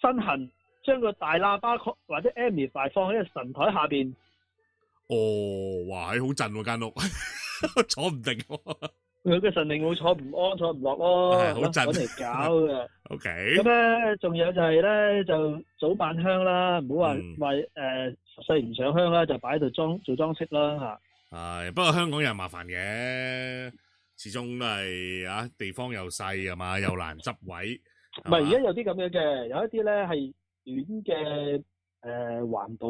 Speaker 2: 身痕，將個大喇叭或者 amplifier 放喺個神台下邊。
Speaker 1: 哦，哇，係 好震喎間屋，
Speaker 2: 坐唔定。佢嘅神靈會坐唔安，坐唔落咯。好震。攋嚟搞嘅。OK。咁咧，仲有就係、是、咧，就早晚香啦，唔好話話誒，細唔、嗯呃、上香啦，就擺喺度裝做裝飾啦吓。
Speaker 1: 係，不過香港又係麻煩嘅。始終都係啊，地方又細啊嘛，又難執位。
Speaker 2: 唔係 吧，而家有啲咁樣嘅，有一啲咧係短嘅，誒、呃、環保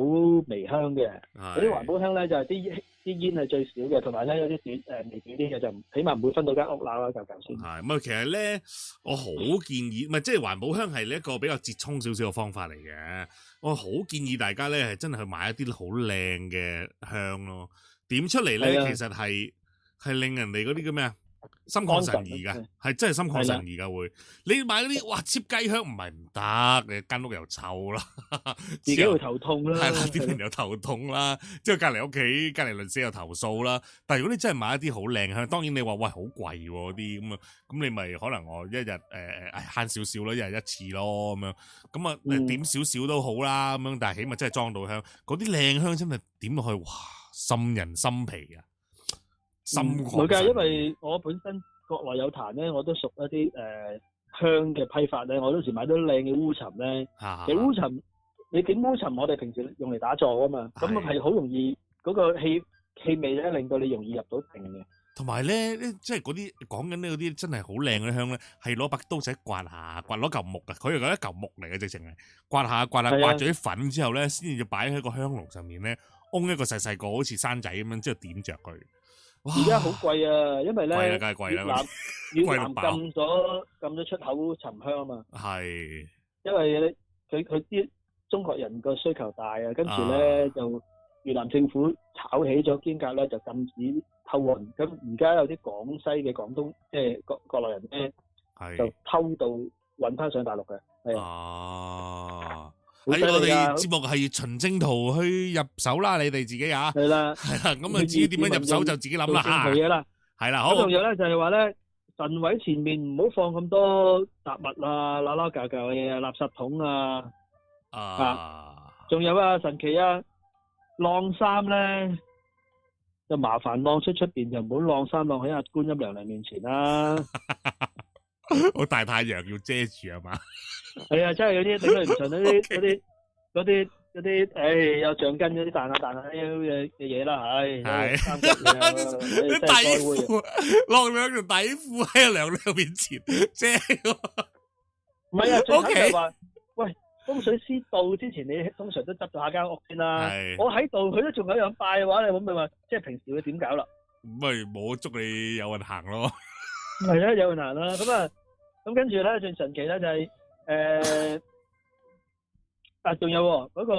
Speaker 2: 微香嘅。嗰啲環保香咧就係啲煙，啲煙係最少嘅，同埋咧有啲短，誒、呃、微小啲嘅就，起碼唔會分
Speaker 1: 到間屋漏啦，就咁先。係，其實咧，我好建議，唔係是的 即係環保香係一個比較折衷少少嘅方法嚟嘅。我好建議大家咧係真係去買一啲好靚嘅香咯，點出嚟咧是的 其實係。係令人哋嗰啲叫咩啊？
Speaker 2: 心曠神怡噶，係神真係心曠神
Speaker 1: 怡噶會。的你買嗰啲，哇，接雞香唔係唔得，你間屋又臭啦，自己會頭痛啦，係啦 的，啲朋友頭痛啦，之的後隔籬屋企、隔籬鄰舍又投訴啦。但係如果你真係買一啲好靚香，當然你話喂好貴嗰啲咁啊，咁你咪可能我一日誒慳少少咯，一日一次咯咁樣，咁啊點少少都好啦咁樣，嗯、但係起碼真係裝到香。嗰啲靚香真係點落去，哇，沁人心脾啊！
Speaker 2: 冇㗎，因為我本身國內有檀咧，我都熟一啲誒、呃、香嘅批發咧。我當時買到靚嘅烏沉咧、啊，你烏沉，你點烏沉？我哋平時用嚟打坐啊嘛，咁係好容易嗰、嗰個氣，氣味咧，令到你容易入到定嘅。
Speaker 1: 同埋咧，呢即係嗰啲講緊呢，嗰啲真係好靚嘅香咧，係攞把刀仔刮，刮，刮，刮，刮，刮下，刮攞嚿木啊，佢又係一嚿木嚟嘅，直情係刮下刮下刮咗啲粉之後咧，先至要擺喺個香爐上面咧，烘一個細細個好似山仔咁樣，之後點着佢。
Speaker 2: 而家好貴啊，因為咧，越南越南禁咗禁咗出口沉香啊嘛。係因為佢佢啲中國人個需求大啊，跟住咧、啊、就越南政府炒起咗堅格咧就禁止偷運，咁而家有啲廣西嘅廣東即係、欸、國國內人咧是的 就偷渡揾翻上大陸嘅。係啊。喺、哎、我哋節目係
Speaker 1: 循正途去入手啦，你哋自己吓，係啦，咁啊，至於點樣入手就自己諗啦吓。係、啊、啦，好。仲有
Speaker 2: 咧就係話咧，神位前面唔好放咁多雜物啊，撈撈舊舊嘅嘢、垃圾桶啊，啊，仲、啊、有啊，神奇啊，晾衫咧就麻煩晾出出邊，就唔好晾衫晾喺阿觀音娘娘面前啦。好 大太陽要
Speaker 1: 遮住啊嘛。係嘛？
Speaker 2: 係啊，真係有啲頂佢唔順，嗰啲嗰啲嗰啲啲，唉，有橡筋嗰啲彈啊彈啊嘅嘅嘢啦，唉，你底褲
Speaker 1: 落兩條底褲喺兩兩面前，正
Speaker 2: 喎。唔係啊，O K，喂，風水師到之前你通常都執咗下間屋先啦。我喺度，佢都仲有樣拜嘅話，你諗咪話，即係平時會點搞啦？咁
Speaker 1: 咪冇捉你有運行咯。
Speaker 2: 係啊，有運行啦。咁啊，咁跟住咧，最神奇咧就係。誒、呃，啊，仲有嗰、哦那個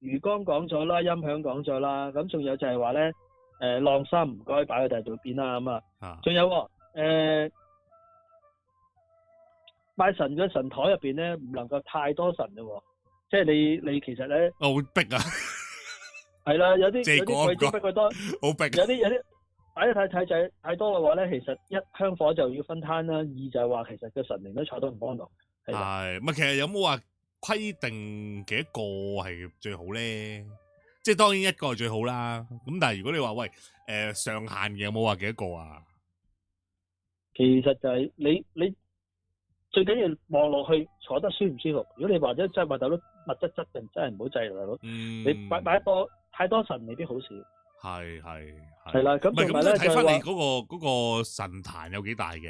Speaker 2: 魚缸講咗啦，音響講咗啦，咁仲有就係話咧，誒、呃，晾衫唔該擺喺大度邊啦，咁啊、哦，仲有誒，拜神嘅神台入邊咧，唔能夠太多神嘅、哦，即係你你其實咧，
Speaker 1: 好很逼啊 ，
Speaker 2: 係啦，有啲有啲好逼，有啲逼、啊、有啲。有睇太太太多嘅話咧，其實一香火就要分攤啦。二就係話其實個神明都坐到唔安樂。
Speaker 1: 係，唔、哎、其實有冇話規定幾多個係最好咧？即係當然一個係最好啦。咁但係如果你話喂，誒、呃、
Speaker 2: 上限嘅有冇話幾多個啊？其實就係你你最緊要望落去坐得舒唔舒服。如果你話咗真係埋頭碌密質質嘅，真係唔好制埋頭你擺擺多太多神未必好事。
Speaker 1: 係係係啦，咁唔係咁都睇翻你嗰、那個、個神壇有幾大嘅。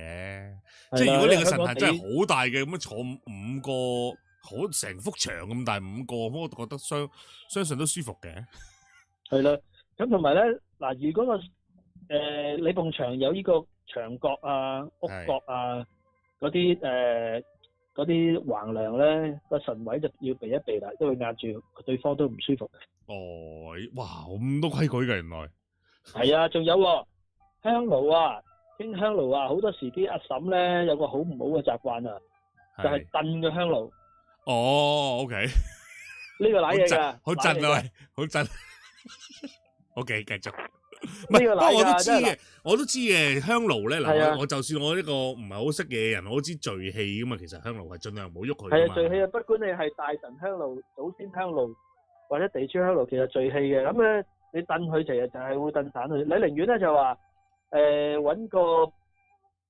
Speaker 1: 的即係如果你個神壇真係好大嘅咁樣坐五個，好成幅牆咁大五個，咁我覺得相相信都舒服嘅。
Speaker 2: 係啦，咁同埋咧嗱，如果個誒你埲牆有呢個牆角啊、屋角啊嗰啲誒。的嗰啲橫梁咧，個神位就要避一避啦，因為壓住對方都唔舒服嘅。哦，哇咁多規矩嘅原來。係啊，仲有香爐啊，傾香爐啊，好多時啲阿嬸咧，有個好唔好嘅習慣啊，就係燉嘅香爐。
Speaker 1: 哦，OK，
Speaker 2: 呢個瀨嘢噶，好震啊，喂，
Speaker 1: 好震。OK，繼續。
Speaker 2: 係，不過我都知嘅，
Speaker 1: 我都知嘅。辣 香爐咧，嗱，我我就算我呢個唔係好識嘢嘅人，我知聚氣噶嘛。其實香爐係盡量唔好喐佢。係啊聚氣
Speaker 2: 啊，不管你係大神香爐、祖先香爐或者地主香爐，其實聚氣嘅。咁咧，你燉佢，其實就係會燉散佢。你寧願咧就話，誒，搵個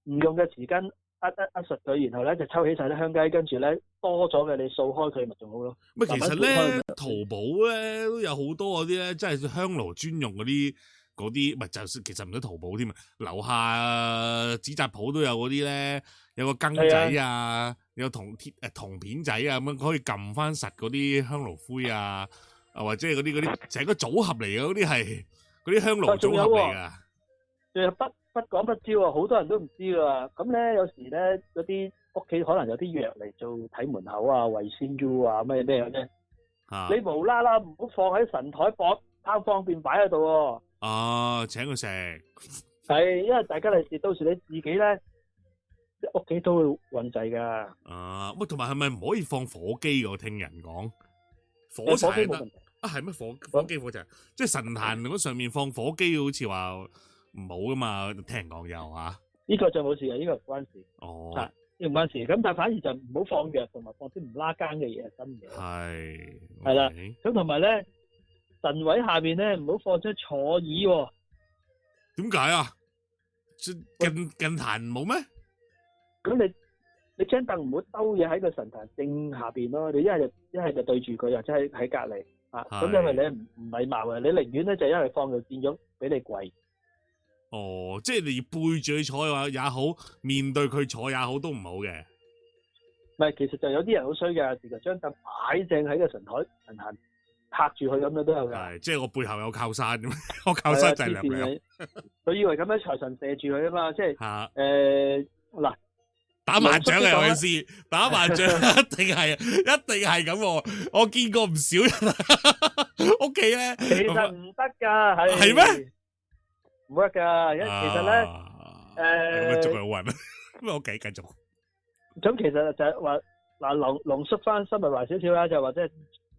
Speaker 2: 唔用嘅匙羹，扼扼扼實佢，然後咧就抽起晒啲香雞，跟住咧多咗嘅你掃開佢咪仲好咯。唔係，其實咧淘
Speaker 1: 寶咧都有好多嗰啲咧，即係香爐專用嗰啲。嗰啲唔係，就算其實唔使淘寶添啊！樓下紙紮鋪都有嗰啲咧，有個羹仔啊，有銅鐵誒銅片仔啊，咁樣可以撳翻實嗰啲香爐灰啊，或者係嗰啲嗰啲成個組合嚟嘅嗰啲係嗰啲香爐組合嚟
Speaker 2: 㗎。仲有不不講不知啊！好多人都唔知㗎。咁咧有時咧嗰啲屋企可能有啲藥嚟做睇門口啊、衞仙珠啊，咩咩咧？你無啦啦唔好放喺神台博，貪方便擺喺度。
Speaker 1: 哦，請佢食
Speaker 2: 係，因為大家嚟到時你自己咧，屋企都會運滯噶。哦，
Speaker 1: 咁同埋係咪唔可以放火機？我聽人講火柴冇問題啊，係咩火火機火柴？即係神壇嗰上面放火機，好似話唔好噶嘛？聽人講又啊，
Speaker 2: 呢個就冇事啊，呢個唔關事哦，呢唔關事。咁但係反而就唔好放藥，同埋放啲唔拉更嘅嘢，係真
Speaker 1: 嘅係係啦。
Speaker 2: 咁同埋咧。神位下邊咧，唔好放張坐椅喎、喔。點解、喔、是啊？近近壇冇咩？咁你你張凳唔好兜嘢，喺個神壇正下邊咯，你一係就一係就對住佢，或者喺喺隔籬啊。咁因為你唔唔禮貌啊，你寧願咧就一係放佢變咗俾你跪。
Speaker 1: 哦，即係你背住佢坐嘅話也好，面對佢坐也好都唔好嘅。
Speaker 2: 唔係，其實就有啲人好衰嘅，而家張凳擺正喺個神台神壇拍住佢咁樣都有嘅，即係我背後有靠山，我靠山就係咁樣。佢以為咁樣財神射住佢啊嘛，即係誒嗱，啊欸、打麻將我意思
Speaker 1: 打麻將一定係，
Speaker 2: 一定係咁、啊。我見過唔少
Speaker 1: 人、啊，屋企咧，其實
Speaker 2: 唔得噶係，係咩？唔得噶，因為其實咧，誒、啊，繼好運
Speaker 1: 咩？咁屋企繼續。
Speaker 2: 咁其實就係話嗱，籠濃縮翻新聞話少少啦，就或者誒。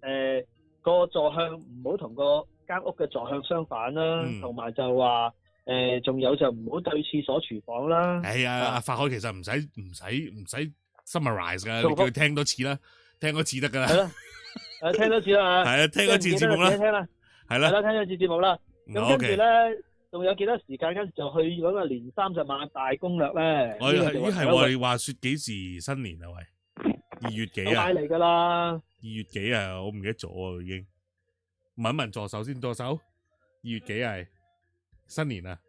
Speaker 2: 欸個坐向唔好同個間屋嘅坐向相反啦，同埋就話，誒，仲有就唔好對廁所、廚房啦。
Speaker 1: 係啊，法鎧其實唔使唔使唔使 summarize 噶，叫佢聽多次啦，聽多次得噶啦。係咯，
Speaker 2: 係聽多次啦吓。係啊，聽多次節目啦。係啦，係啦，聽多次節目啦。
Speaker 1: 咁跟住咧，
Speaker 2: 仲有幾多時間跟住就去嗰個年三十萬大攻略咧？我依係話，
Speaker 1: 話說幾時新年啊？喂？二月幾啊？
Speaker 2: 老
Speaker 1: 嚟噶啦！二月幾啊？我唔記得咗啊，已經問一問助手先。助手二月幾啊？新年啊？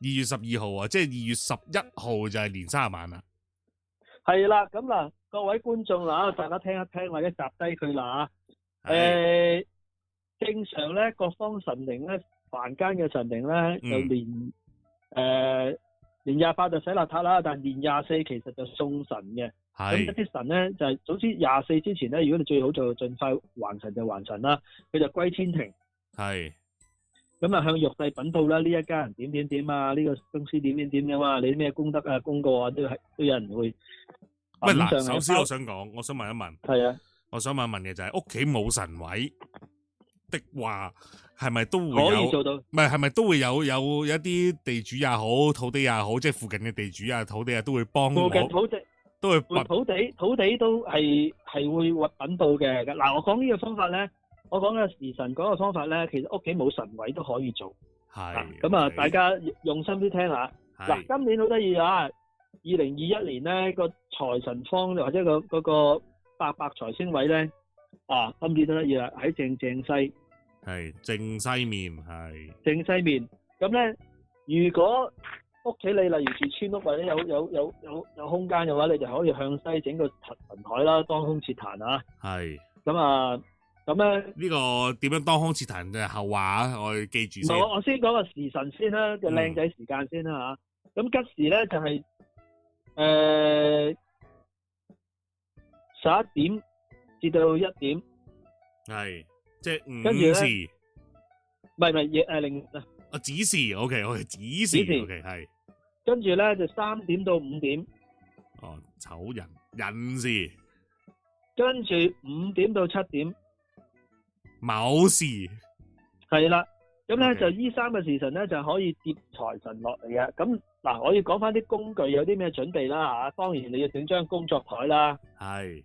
Speaker 1: 二月，就是、月十二號啊，即係二月十一號就係年卅晚啦。
Speaker 2: 係啦，咁嗱，各位觀眾嗱，大家聽一聽或者集低佢嗱啊。誒的、呃，正常咧，各方神靈咧，凡間嘅神靈咧，就連誒。嗯呃年廿八就洗邋遢啦，但係年廿四其實就送神嘅。咁一啲神咧就係，總之廿四之前咧，如果你最好就盡快還神就還神啦，佢就歸天庭。係，咁啊向玉帝稟報啦，呢一家人點點點啊，呢個公司點點點啊，你啲咩功德啊功過啊都係都有人會。喂嗱，首先我
Speaker 1: 想講，我想問一問。係啊。我想問一問嘅就係屋企冇神位的話。係咪都會有？唔係，係咪都會有，有一啲地主也好，土地也好，即係附近嘅地主啊，土地啊，都會幫到。附近土
Speaker 2: 地都會幫到土地，土地都係係會搵到嘅。嗱，我講呢個方法咧，我講嘅時辰嗰個方法咧，其實屋企冇神位都可以做。係是。咁啊，okay 大家用心啲聽一下。嗱是，今年好得意啊！二零二一年咧個財神方或者個嗰個八白財星位咧啊，今年都得意啦，喺正正西。係正西面，係正西面。咁咧，如果屋企你例如住村屋或者有有有有有空間嘅話，你就可以向西整個雲台啦，當空設壇啊。係
Speaker 1: 咁啊，咁咧呢個點樣當空設壇嘅後話、啊，我記住我先
Speaker 2: 講個時辰先啦，嘅靚、嗯、仔時間先啦吓。咁吉時咧就係誒十一點至到一點，
Speaker 1: 係。即係午時，
Speaker 2: 唔係唔係，誒，零、呃、啊，
Speaker 1: 啊子時，OK，OK，子時，OK，係。示 OK,
Speaker 2: 是跟住咧就三點到五點，
Speaker 1: 哦丑人寅時，
Speaker 2: 事跟住五點到七點
Speaker 1: 卯時，係
Speaker 2: 啦。咁咧 OK 就呢三個時辰咧就可以接財神落嚟嘅。咁嗱，我要講翻啲工具有啲咩準備啦，吓，當然你要整張工作台啦，係是。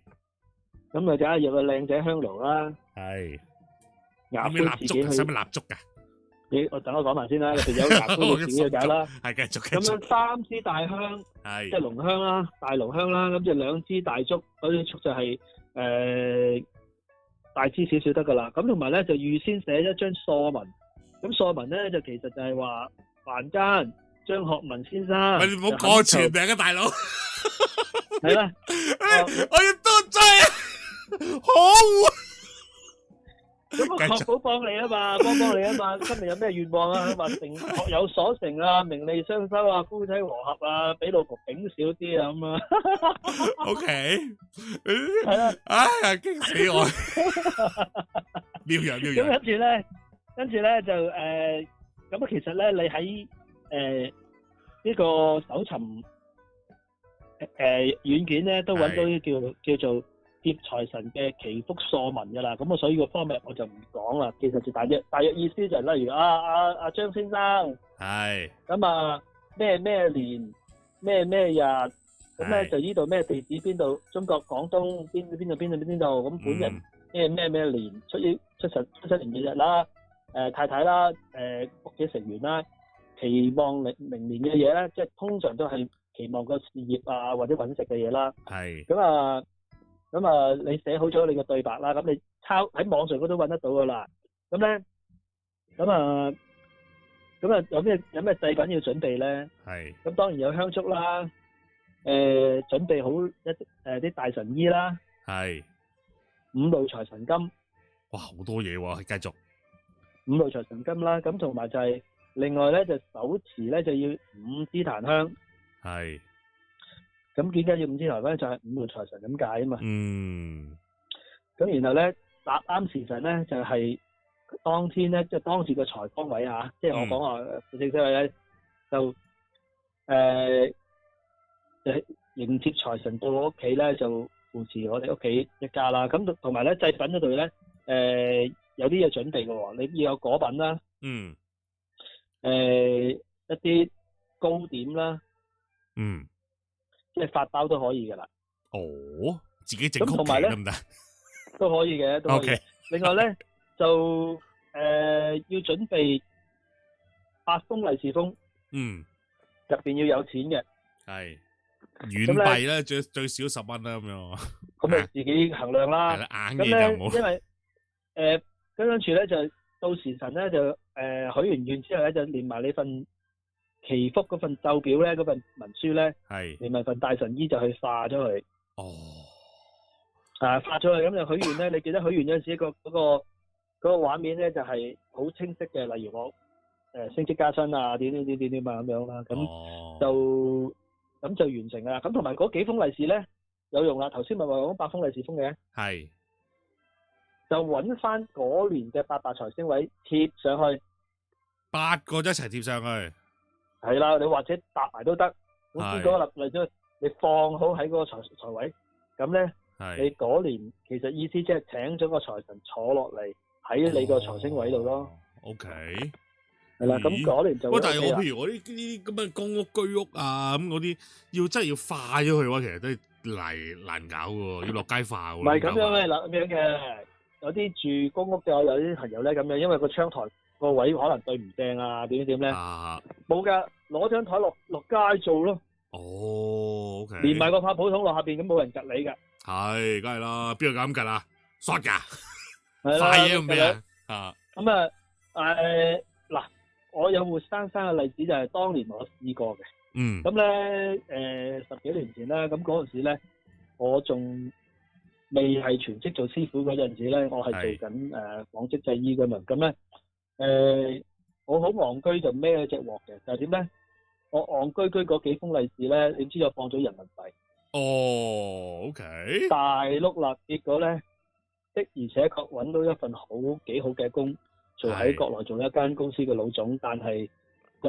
Speaker 2: 咁啊，仲有入個靚仔香爐啦，係。啱啲蠟燭，使唔使蠟燭噶？你我等我講埋先啦，你哋有蠟燭自己去搞啦。係
Speaker 3: 嘅， 咁樣
Speaker 2: 三支大香，係即係濃香啦，大濃香啦，咁就兩支大竹，嗰支燭就係、是、誒、呃、大支少少得噶啦。咁同埋咧就預先寫一張塑文，咁塑文咧就其實就係話凡奸張學文先生，你唔好過前名啊，大佬。係啊，我要多謝啊，好。 咁啊，我確保幫你啊嘛，幫幫你啊嘛。今日有咩願望啊？話成學有所成啊，名利雙收啊，夫妻和合啊，俾老婆頂少啲啊咁啊。OK，係啊，哎呀，激死我！
Speaker 3: 妙人妙人。咁跟
Speaker 2: 住咧，跟住咧就誒，咁、呃、其實咧，你喺誒呢個搜尋誒軟件咧，都揾到啲叫是叫做。接財神嘅祈福送文噶啦，咁啊，所以個方面我就唔講啦。其實就是大約大約意思就係，例如啊啊啊張先生，
Speaker 3: 係咁是
Speaker 2: 的、嗯、啊咩咩年咩咩日，咁咧就依度咩地址邊度？中國廣東邊邊度邊度邊邊度？咁本人咩咩咩年，出世出世七年幾日啦？誒、呃、太太啦，誒屋企成員啦，期望明明年嘅嘢咧，即係通常都係期望個事業啊或者揾食嘅嘢啦。係咁是的、嗯、啊～咁啊，你寫好咗你個對白啦，咁你抄喺網上嗰都揾得到噶啦。咁咧，咁啊，咁啊有咩有咩祭品要準備咧？係。咁當然有香燭啦，誒，準備好一誒啲大神衣啦。係。五路財神金。
Speaker 1: 哇，好多嘢喎，繼續。
Speaker 2: 五路財神金啦，咁同埋就係另外咧，就手持咧就要五支檀香。係。咁點解要五支台、嗯、呢，呢？就係五路財神咁解啊嘛。就是、嗯。咁然後咧，搭啱時辰咧就係當天咧，即係當時個財方位啊，即係我講話，正所謂咧，就誒、是、誒迎接財神到我屋企咧，就扶持我哋屋企一家啦。咁同埋咧，祭品嗰度咧，誒、呃、有啲嘢準備嘅喎。你要有果品啦，嗯，誒、呃、一啲糕點啦，嗯。即係發包都可以
Speaker 1: 噶啦，哦，自己整曲奇得唔得？
Speaker 2: 都可以嘅，OK。另外咧就，誒、要準備八封利是封，嗯，入邊要有錢嘅，
Speaker 1: 係軟幣咧最最少十蚊啦咁樣，咁啊
Speaker 2: 自己衡量啦，硬咁咧因為誒、嗰跟住咧就到時辰咧就誒、許完願之後咧就連埋你份。祈福嗰份奏表咧，嗰份文書咧，係是連埋份大神醫就去化咗佢。哦，啊，化咗佢咁就許願咧。你記得許願嗰時、嗰個、嗰個、嗰個畫面咧，就係好清晰嘅。例如我誒升職加薪啊，點點點點點啊咁樣啦。咁就咁、哦、就完成啦。咁同埋嗰幾封利是咧有用啦。頭先咪話講八封利是封嘅，係就揾翻嗰年嘅八白財星位貼上去，八
Speaker 1: 個一齊貼上去。
Speaker 2: 係啦，你或者搭埋都得。咁嗰粒嚟咗，的你放好喺嗰個財財位，咁咧，的你嗰年其實意思即係請咗個財神坐落嚟喺你個財星位度咯。OK，係啦，咁嗰年就咦。喂，但係我譬如我
Speaker 1: 啲啲咁嘅公屋居屋啊，咁嗰啲要，要真係要化咗去嘅話，其實都係難難搞喎，要落街化。唔係咁樣
Speaker 2: 咩？嗱，咁樣嘅有啲住公屋嘅我有啲朋友咧，咁樣因為個窗台。個位可能對唔正啊？點點咧？冇噶、啊，攞張台落落街做咯。哦，okay，連埋個拍普通落下邊，咁冇人夾你噶，
Speaker 1: 係梗係啦，邊個敢夾啊？殺噶、嗯，嘥嘢，唔咩啊？啊，
Speaker 2: 咁啊，誒嗱，我有活生生嘅例子就係當年我試過嘅。嗯，咁咧，誒，十幾年前啦，咁嗰陣時咧，我仲未係全職做師傅嗰陣時咧，我係做緊誒廣式製衣噶嘛，咁咧是。啊誒、呃，我好戇居就孭一隻鑊嘅，但係點咧？我戇居居嗰幾封利是咧，點知我放咗人民幣。哦、oh,，OK。大碌啦，結果咧的而且確搵到一份好幾好嘅工，做喺國內做一間公司嘅老總，但係。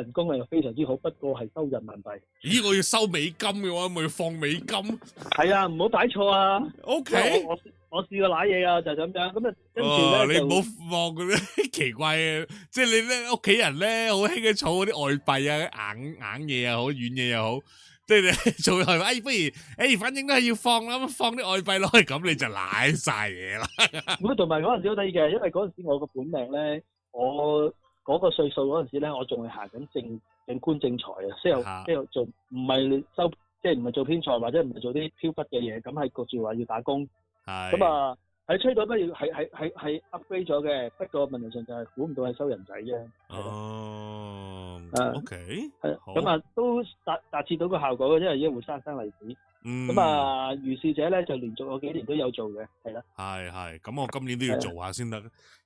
Speaker 2: 人工又非常之好，不過係收人民幣。咦！我要收美金嘅話，咪要放美金？係啊，唔好擺錯啊。OK，我我試過攋嘢啊，就係咁樣。咁啊，跟住咧就你唔好放嗰啲奇
Speaker 1: 怪嘅，即係你咧屋企人咧好興嘅儲嗰啲外幣啊，硬硬嘢又好，軟嘢又好，即係做外幣。哎，不如哎，反正都係要放啦，咁放啲外幣囉，咁你就攋曬嘢啦。咁啊，同埋嗰陣時好得意嘅，因為
Speaker 2: 嗰陣時我個本命咧，我。嗰個歲數嗰陣時咧，我仲係行緊正正官正財啊，即係即係做唔係收即係唔係做偏財或者唔係做啲飄忽嘅嘢，咁係焗住話要打工。係咁是啊，喺吹到不如係係係係 upgrade 咗嘅，不過問題上就係估唔到係收人仔啫。
Speaker 1: 哦，OK，係咁啊，
Speaker 2: 都達達致到個效果嘅，因為已經活生生例子。咁啊，預示者咧就連續有幾年都有做
Speaker 1: 嘅，係咯，係係，咁我今年都要做下先得。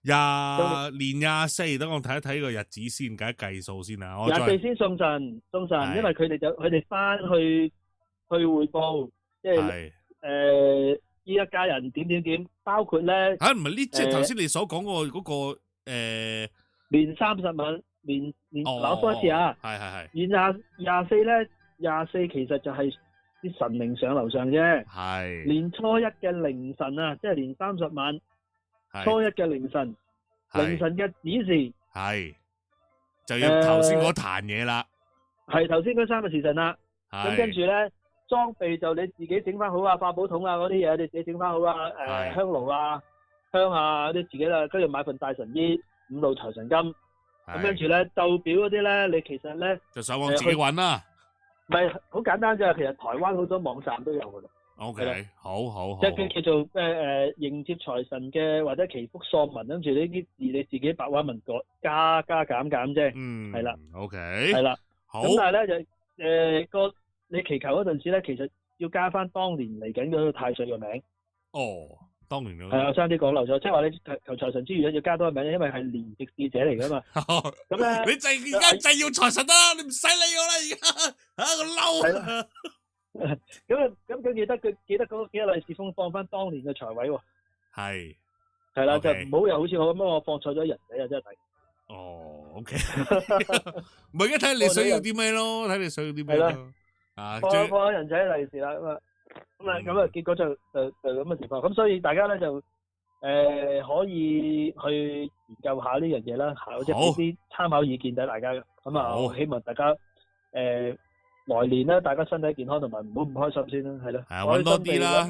Speaker 1: 廿年廿四，等我睇一睇個日子先，計一計數先啊。廿四
Speaker 2: 先送神，送神，因為佢哋就佢哋翻去去匯報，即係誒呢一家人點點點，包括咧吓唔係呢？即係頭先你所講嗰個嗰個誒，年三十萬，年年諗多一次啊，係係係，年廿廿四咧，廿四其實就係。啲神靈上樓上啫，係是年初一嘅凌晨啊，即係年三十晚，
Speaker 1: 是初
Speaker 2: 一嘅凌晨，是凌晨嘅幾時？
Speaker 1: 係就要頭先嗰壇嘢啦，
Speaker 2: 係頭先嗰三個時辰啦、啊，咁跟住咧裝備就你自己整翻好啊，化寶桶啊嗰啲嘢你自己整翻好是、呃、啊，誒香爐啊香啊啲自己啦、啊，跟住買一份大神衣、五路財神金，咁跟住咧斗表嗰啲咧，你其實咧
Speaker 1: 就上網自己揾啦、啊。
Speaker 2: 唔係好簡單啫，其實台灣好多網站都有噶啦。
Speaker 1: OK，好好的好。好好即係叫叫
Speaker 2: 做誒誒、呃、迎接財神嘅或者祈福疏文，跟住呢啲字你自己白話文改加加減減啫。嗯，係啦。OK，係啦。好。咁、嗯、但係咧就誒個、呃、你祈求嗰陣時咧，其實要加翻當年嚟緊嗰個太歲嘅名字。哦。Oh. 係啊，差啲講漏咗，即係話你求求財神之餘咧，要加多個名，因為係連席侍者嚟噶嘛。咁咧，你就而家就要財神啦、
Speaker 1: 啊，你唔使理我啦而家吓，我
Speaker 2: 嬲咁啊，咁記得佢記得嗰幾粒利是封放翻當年嘅財位喎。係，係啦，就唔好又好似我咁樣，我放錯咗人仔啊，真係哦，OK，唔係而家睇你想要啲咩
Speaker 1: 咯，睇你想要啲咩咯。對
Speaker 2: 了 啊，放放啊人仔利是啦咁啊。咁啊，咁啊、嗯，嗯、結果就就就咁嘅情況，咁所以大家咧就誒、呃、可以去研究下呢樣嘢啦，考好一啲參考意見俾大家嘅。咁啊好，我希望大家誒、呃、來年咧，大家身體健康同埋唔好唔開心先的啦，係咯。係啊，搵多啲啦，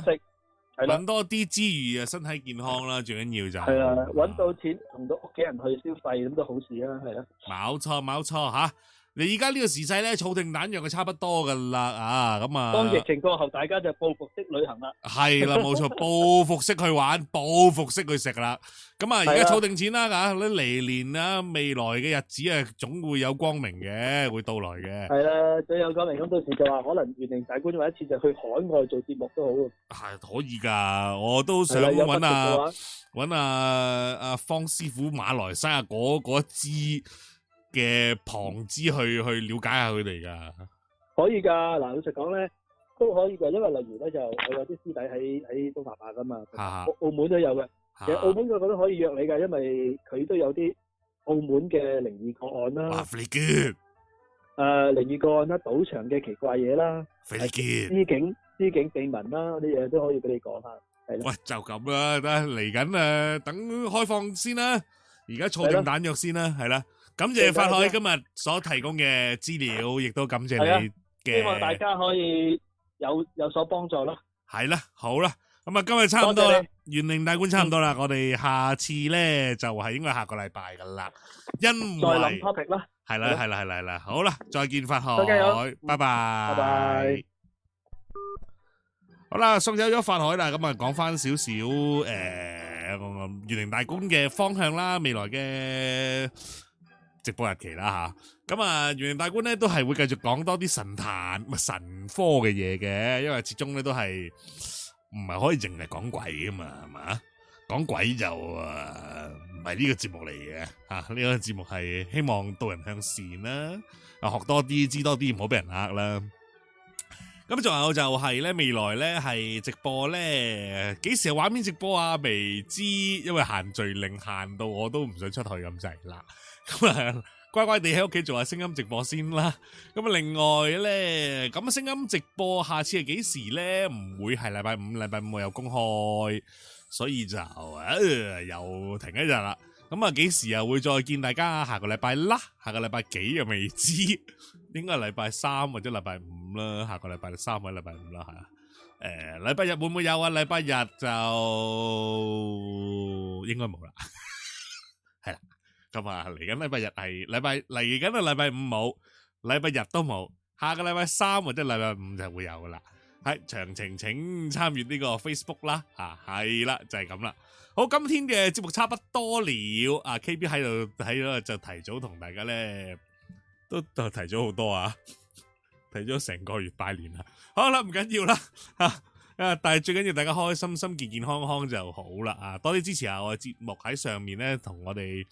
Speaker 2: 係
Speaker 1: 咯。搵多啲之餘啊，身體健康啦，的最緊要就係、是、啊，
Speaker 2: 搵到錢同、嗯、到屋企人去消費咁都好事啊，係咯。
Speaker 1: 冇錯，冇錯吓。你而家呢個時勢咧，儲定蛋，樣佢差不多噶啦啊！咁啊，當疫情
Speaker 2: 過後，大家就報復式旅行啦。係啦、啊，冇錯，
Speaker 1: 報復式去玩，報復式去食啦。咁啊，而家儲定錢啦，吓、啊啊、你嚟年啊，未來嘅日子啊，總會有光明嘅，會到來嘅。係啦、
Speaker 2: 啊，最有光明咁，到時就話可能玄靈大
Speaker 1: 觀一次就去海外做節目都好。係、啊、可以噶，我都想搵啊，搵啊，阿、啊啊啊、方師傅馬來西亞嗰支。嘅旁枝去去了解下佢哋噶，
Speaker 2: 可以噶嗱，老實講咧都可以噶，因為例如咧就我有啲師弟喺喺東南亞噶嘛，澳澳門都有嘅，其實澳門我覺得可以約你噶，因為佢都有啲澳門嘅靈異個案啦，啊，again，誒，靈異個案啦，賭場嘅奇怪嘢啦
Speaker 1: ，again，司警
Speaker 2: 司警秘聞啦，嗰啲嘢都可以俾你講下，
Speaker 1: 係啦，喂，就咁啦，得嚟緊誒，等開放先啦，而家坐定彈藥先啦，係啦。感謝法海今日所提供嘅資料，亦都感謝你
Speaker 2: 嘅，希望大家可以有有所幫助
Speaker 1: 咯。係啦，好啦，咁啊，今日差唔多啦，玄靈大觀差唔多啦，我哋下次咧就係應該下個禮拜噶啦，因為再
Speaker 2: 諗
Speaker 1: topic 啦。係啦，係啦，係啦，係啦，好啦，再見法海，再見，拜拜，拜拜。好啦，送走咗法海啦，咁啊，講翻少少誒，玄靈大觀嘅方向啦，未來嘅。直播日期啦吓，咁啊，玄靈大觀咧都係會繼續講多啲神壇神科嘅嘢嘅，因為始終咧都係唔係可以淨係講鬼噶嘛，係嘛？講鬼就誒唔係呢個節目嚟嘅吓，呢、啊這個節目係希望導人向善啦，啊學多啲知多啲，唔好俾人呃啦。咁、啊、仲有就係咧未來咧係直播咧幾時畫面直播啊？未知，因為限聚令限到我都唔想出去咁滯嗱。咁啊，乖乖地喺屋企做下聲音直播先啦。咁啊，另外咧，咁聲音直播，下次係幾時咧？唔會係禮拜五，禮拜五會有公開，所以就誒，又停一日啦。咁啊，幾時又會再見大家？下個禮拜啦，下個禮拜幾又未知？應該係禮拜三或者禮拜五啦。下個禮拜三或者禮拜五啦吓。誒，禮拜日會唔會有啊？禮拜日就應該冇啦。係啦。咁啊，嚟緊禮拜日係禮拜嚟緊嘅禮拜五冇，禮拜日都冇，下個禮拜三或者禮拜五就會有㗎啦。係，詳情請參與呢個 Facebook 啦，吓，係啦，就係咁啦。好，今天嘅節目差不多了，啊，KB 喺度，喺度就提早同大家咧都，都提咗好多啊，提咗成個月拜年啦。好啦，唔緊要啦。啊啊！但係最緊要大家開心心、健健康康就好啦啊！多啲支持下我嘅節目喺上面咧，同我哋誒、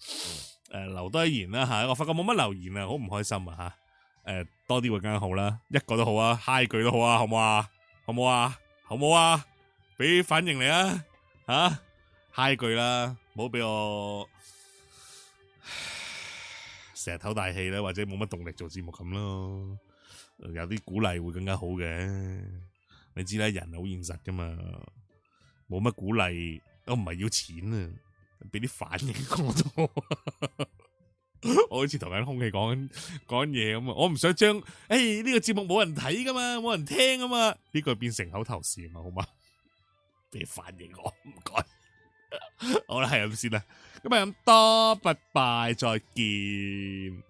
Speaker 1: 呃、留多啲言啦吓，我發覺冇乜留言啊，好唔開心啊吓！誒，多啲會更加好啦、啊，一個都好啊嗨句都好啊，好唔好啊？好唔好啊？好唔好啊？俾、啊啊、反應你啊！吓嗨句啦，唔好俾我成日唞大氣啦，或者冇乜動力做節目咁咯，有啲鼓勵會更加好嘅。你知啦，人好現實噶嘛，冇乜鼓勵，我唔係要錢啊，俾啲反應我多， 我好似同緊空氣講講嘢咁啊，我唔想將誒呢個節目冇人睇噶嘛，冇人聽啊嘛，呢、這個變成口頭禪啊嘛，好嘛，俾反應我唔該， 好啦，係咁先啦，今日咁多，拜拜，再見。